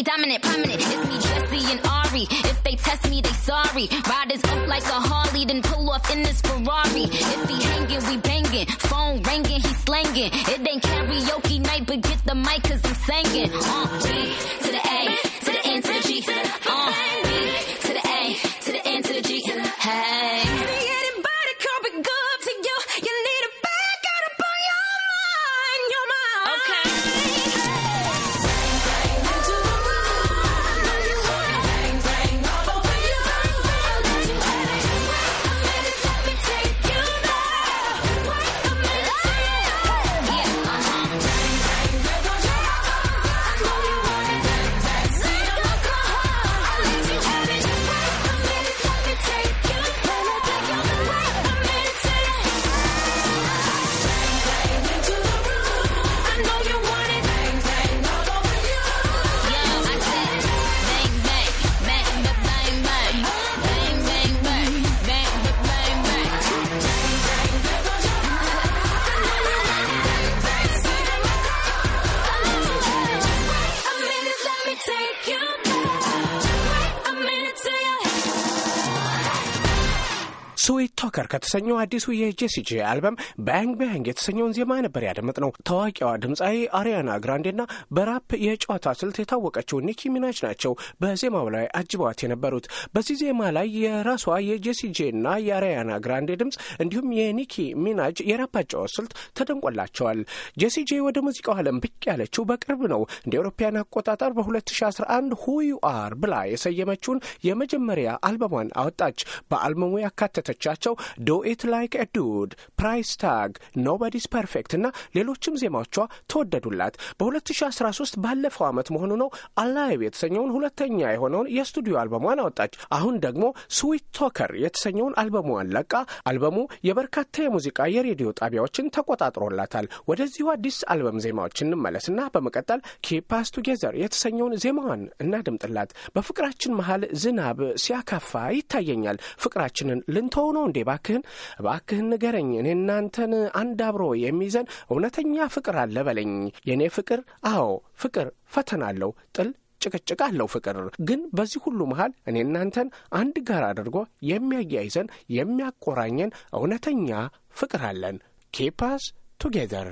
dominant, prominent. It's me, Jesse, and Ari. If they test me, they sorry. Riders up like a Harley, then pull off in this Ferrari. If he hanging, we banging. Phone ringing, he slanging. It ain't karaoke night, but get the mic, cause I'm singing. Uh, ከተሰኘው አዲሱ የጄሲጄ አልበም ባንግ ባንግ የተሰኘውን ዜማ ነበር ያደመጥ ነው። ታዋቂዋ ድምፃዊ አሪያና ግራንዴና በራፕ የጨዋታ ስልት የታወቀችው ኒኪ ሚናጅ ናቸው በዜማው ላይ አጅበዋት የነበሩት። በዚህ ዜማ ላይ የራሷ የጄሲጄና የአሪያና ግራንዴ ድምፅ እንዲሁም የኒኪ ሚናጅ የራፕ አጨዋወት ስልት ተደንቆላቸዋል። ጄሲጄ ወደ ሙዚቃው ዓለም ብቅ ያለችው በቅርብ ነው። እንደ አውሮፓውያን አቆጣጠር በ2011 ሁዩአር ብላ የሰየመችውን የመጀመሪያ አልበሟን አወጣች። በአልበሙ ያካተተቻቸው ዶ ኢት ላይክ ኤ ዱድ፣ ፕራይስ ታግ፣ ኖባዲስ ፐርፌክት እና ሌሎችም ዜማዎቿ ተወደዱላት። በ2013 ባለፈው ዓመት መሆኑ ነው አላይቭ የተሰኘውን ሁለተኛ የሆነውን የስቱዲዮ አልበሟን አወጣች። አሁን ደግሞ ስዊት ቶከር የተሰኘውን አልበሟን ለቃ አልበሙ የበርካታ የሙዚቃ የሬዲዮ ጣቢያዎችን ተቆጣጥሮላታል። ወደዚሁ አዲስ አልበም ዜማዎች እንመለስና በመቀጠል ኪፕ አስ ቱጌዘር የተሰኘውን ዜማዋን እናድምጥላት። በፍቅራችን መሀል ዝናብ ሲያካፋ ይታየኛል። ፍቅራችንን ልንተው ነው እንዴ ባክ እባክህን እባክህን ንገረኝ እኔ እናንተን አንድ አብሮ የሚይዘን እውነተኛ ፍቅር አለ በለኝ። የእኔ ፍቅር አዎ ፍቅር ፈተና አለው፣ ጥል ጭቅጭቅ አለው ፍቅር። ግን በዚህ ሁሉ መሃል እኔ እናንተን አንድ ጋር አድርጎ የሚያያይዘን የሚያቆራኘን እውነተኛ ፍቅር አለን። ኬፓስ ቱጌዘር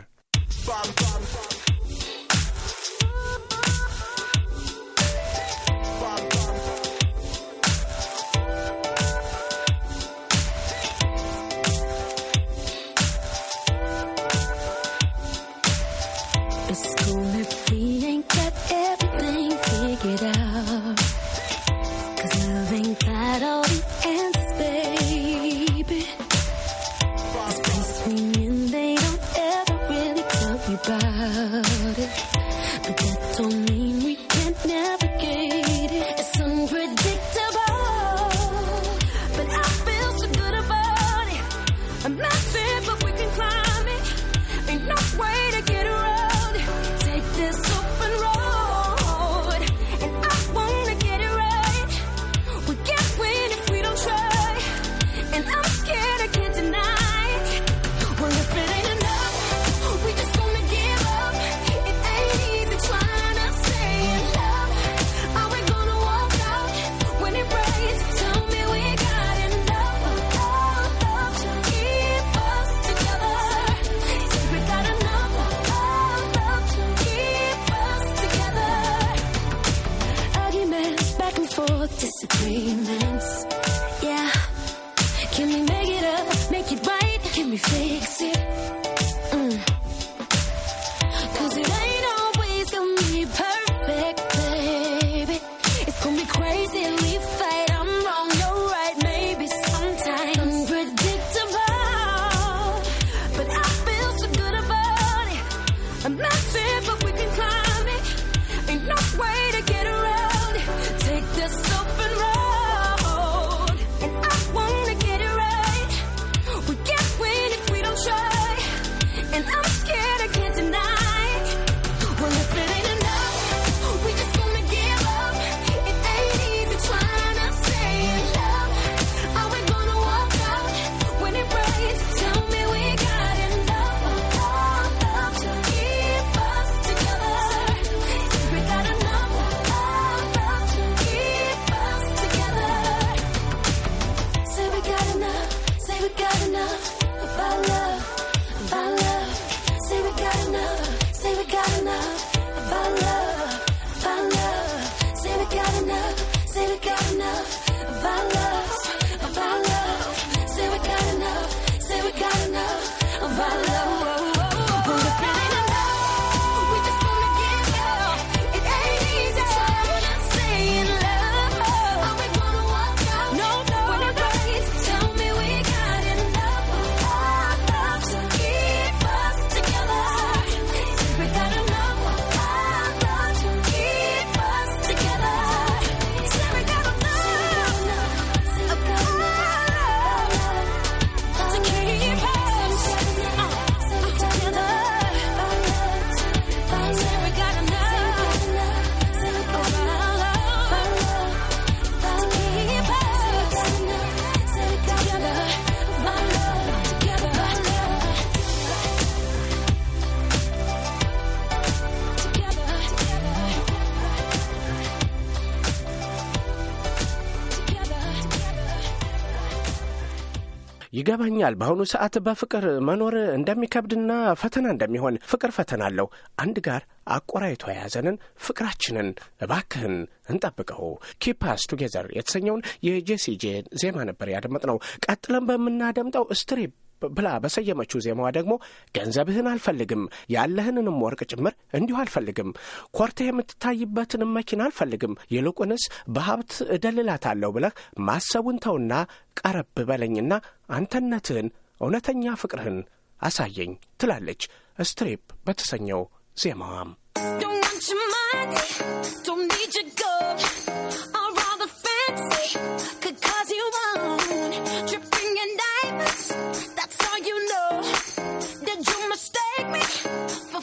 disagreements. Yeah. Can we make it up, make it right? Can we fix it? ይገባኛል። በአሁኑ ሰዓት በፍቅር መኖር እንደሚከብድና ፈተና እንደሚሆን ፍቅር ፈተና አለው። አንድ ጋር አቆራይቶ የያዘንን ፍቅራችንን እባክህን እንጠብቀው። ኪፓስ ቱጌዘር የተሰኘውን የጄሲጄን ዜማ ነበር ያደመጥነው። ቀጥለን በምናደምጠው ስትሪፕ ብላ በሰየመችው ዜማዋ ደግሞ ገንዘብህን አልፈልግም፣ ያለህንንም ወርቅ ጭምር እንዲሁ አልፈልግም፣ ኮርተህ የምትታይበትንም መኪና አልፈልግም፣ ይልቁንስ በሀብት እደልላታለሁ ብለህ ማሰቡን ተውና ቀረብ በለኝና አንተነትህን፣ እውነተኛ ፍቅርህን አሳየኝ ትላለች ስትሪፕ በተሰኘው ዜማዋም cause you in diamonds For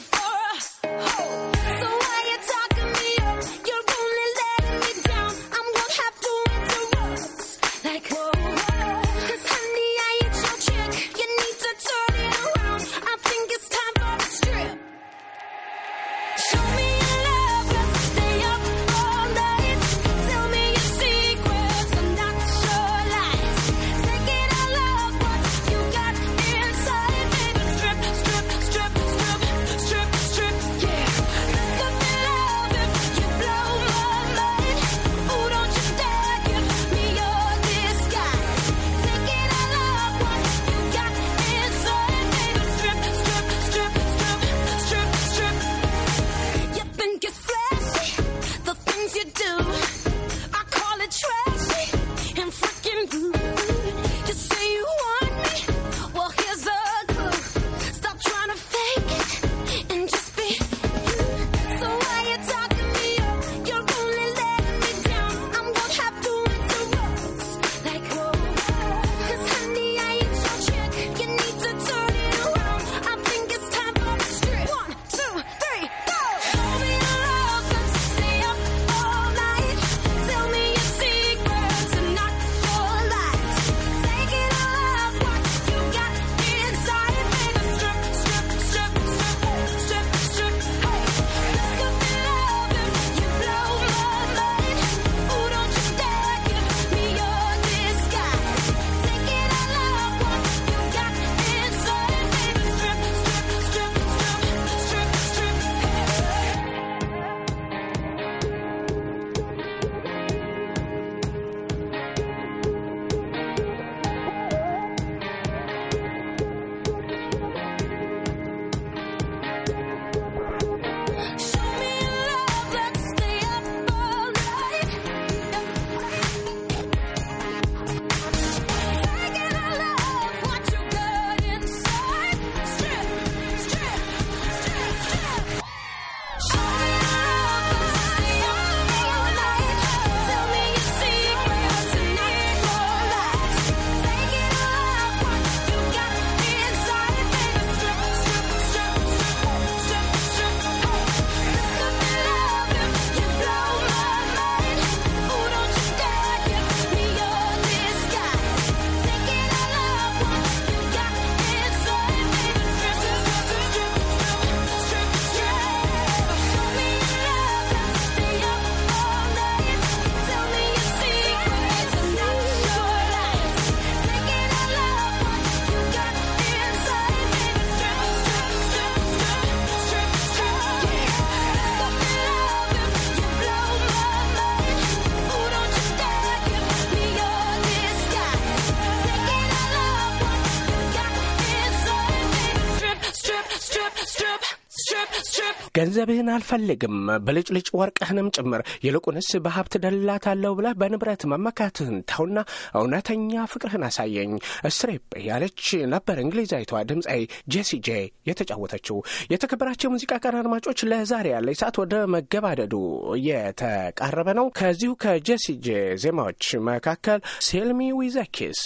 ገንዘብህን አልፈልግም፣ ብልጭልጭ ወርቅህንም ጭምር ይልቁንስ በሀብት ደልላታለሁ ብለህ በንብረት መመካትህን ተውና እውነተኛ ፍቅርህን አሳየኝ ስሬፕ ያለች ነበር እንግሊዛዊቷ ድምፃዊ ጄሲ ጄ የተጫወተችው። የተከበራቸው የሙዚቃ ቀን አድማጮች፣ ለዛሬ ያለ ሰዓት ወደ መገባደዱ እየተቃረበ ነው። ከዚሁ ከጄሲ ጄ ዜማዎች መካከል ሴልሚ ዊዘኪስ!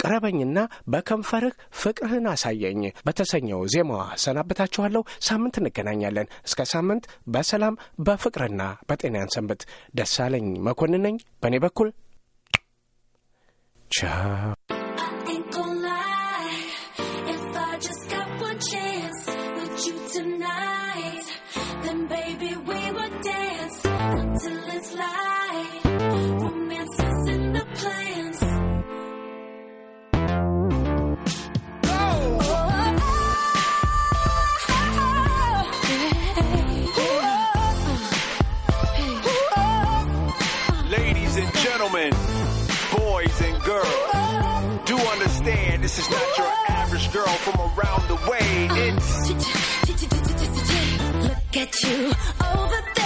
ቅረበኝና በከንፈርህ ፍቅርህን አሳየኝ በተሰኘው ዜማዋ ሰናበታችኋለሁ። ሳምንት እንገናኛለን። እስከ ሳምንት በሰላም በፍቅርና በጤናን ሰንበት። ደሳለኝ መኮንን ነኝ። በእኔ በኩል ቻው። boys, and girls. Do understand this is not your average girl from around the way. It's. Look at you over there.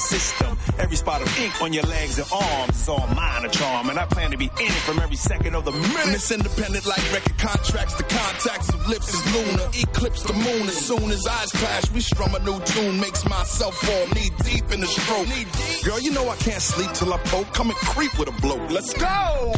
system. Every spot of ink on your legs and arms is all mine a charm, and I plan to be in it from every second of the minute. It's independent like record contracts. The contacts of lips is lunar. Eclipse the moon as soon as eyes clash. We strum a new tune, makes myself fall knee deep in the stroke. Girl, you know I can't sleep till I poke. Come and creep with a bloke. Let's go.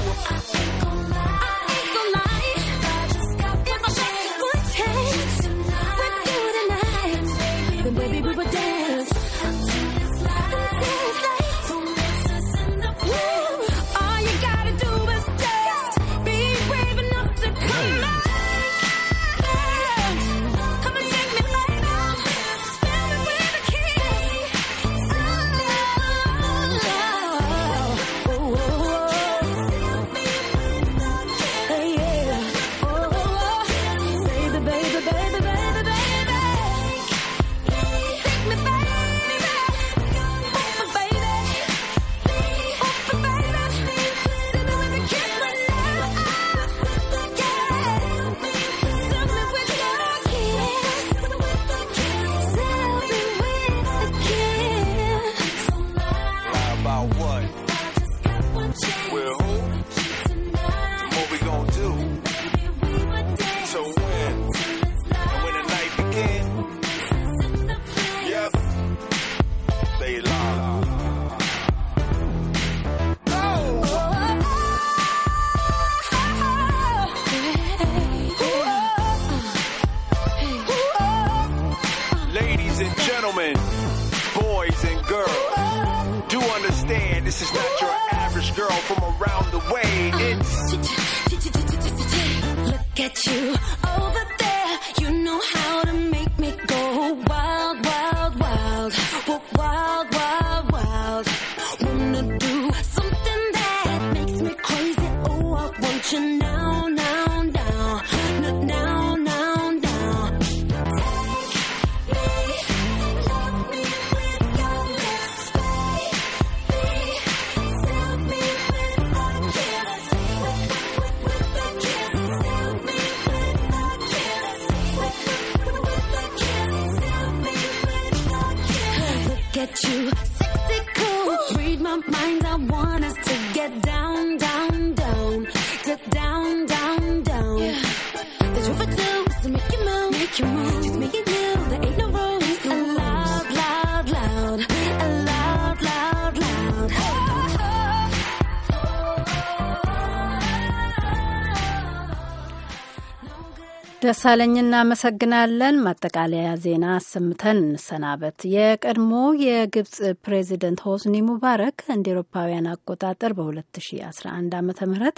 ደሳለኝ እናመሰግናለን። ማጠቃለያ ዜና አሰምተን እንሰናበት። የቀድሞ የግብጽ ፕሬዚደንት ሆስኒ ሙባረክ እንደ ኤሮፓውያን አቆጣጠር በ2011 ዓ ም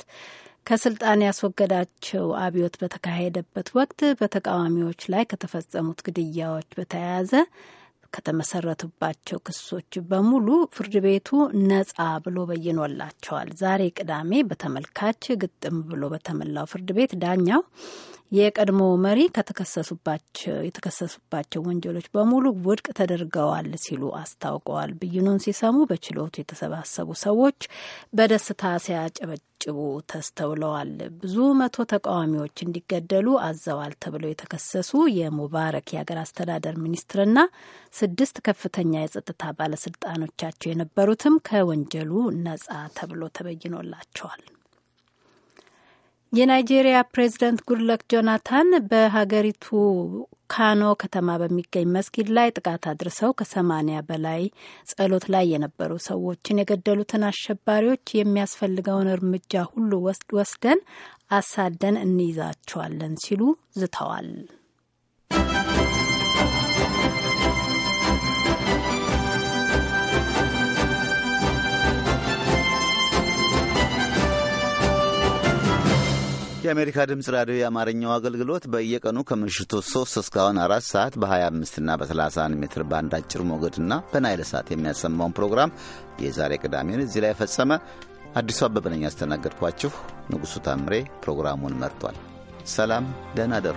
ከስልጣን ያስወገዳቸው አብዮት በተካሄደበት ወቅት በተቃዋሚዎች ላይ ከተፈጸሙት ግድያዎች በተያያዘ ከተመሰረቱባቸው ክሶች በሙሉ ፍርድ ቤቱ ነጻ ብሎ በይኖላቸዋል። ዛሬ ቅዳሜ በተመልካች ግጥም ብሎ በተሞላው ፍርድ ቤት ዳኛው የቀድሞ መሪ ከተከሰሱባቸው የተከሰሱባቸው ወንጀሎች በሙሉ ውድቅ ተደርገዋል ሲሉ አስታውቀዋል። ብይኑን ሲሰሙ በችሎቱ የተሰባሰቡ ሰዎች በደስታ ሲያጨበጭቡ ተስተውለዋል። ብዙ መቶ ተቃዋሚዎች እንዲገደሉ አዘዋል ተብለው የተከሰሱ የሙባረክ የሀገር አስተዳደር ሚኒስትርና ስድስት ከፍተኛ የጸጥታ ባለስልጣኖቻቸው የነበሩትም ከወንጀሉ ነጻ ተብሎ ተበይኖላቸዋል። የናይጄሪያ ፕሬዚደንት ጉድለክ ጆናታን በሀገሪቱ ካኖ ከተማ በሚገኝ መስጊድ ላይ ጥቃት አድርሰው ከሰማኒያ በላይ ጸሎት ላይ የነበሩ ሰዎችን የገደሉትን አሸባሪዎች የሚያስፈልገውን እርምጃ ሁሉ ወስደን አሳደን እንይዛቸዋለን ሲሉ ዝተዋል። የአሜሪካ ድምፅ ራዲዮ የአማርኛው አገልግሎት በየቀኑ ከምሽቱ 3 እስካሁን አራት ሰዓት በ25 እና በ31 ሜትር ባንድ አጭር ሞገድና በናይል ሰዓት የሚያሰማውን ፕሮግራም የዛሬ ቅዳሜን እዚህ ላይ ፈጸመ። አዲሱ አበበ ነኝ ያስተናገድኳችሁ። ንጉሡ ታምሬ ፕሮግራሙን መርቷል። ሰላም፣ ደህና ደሩ።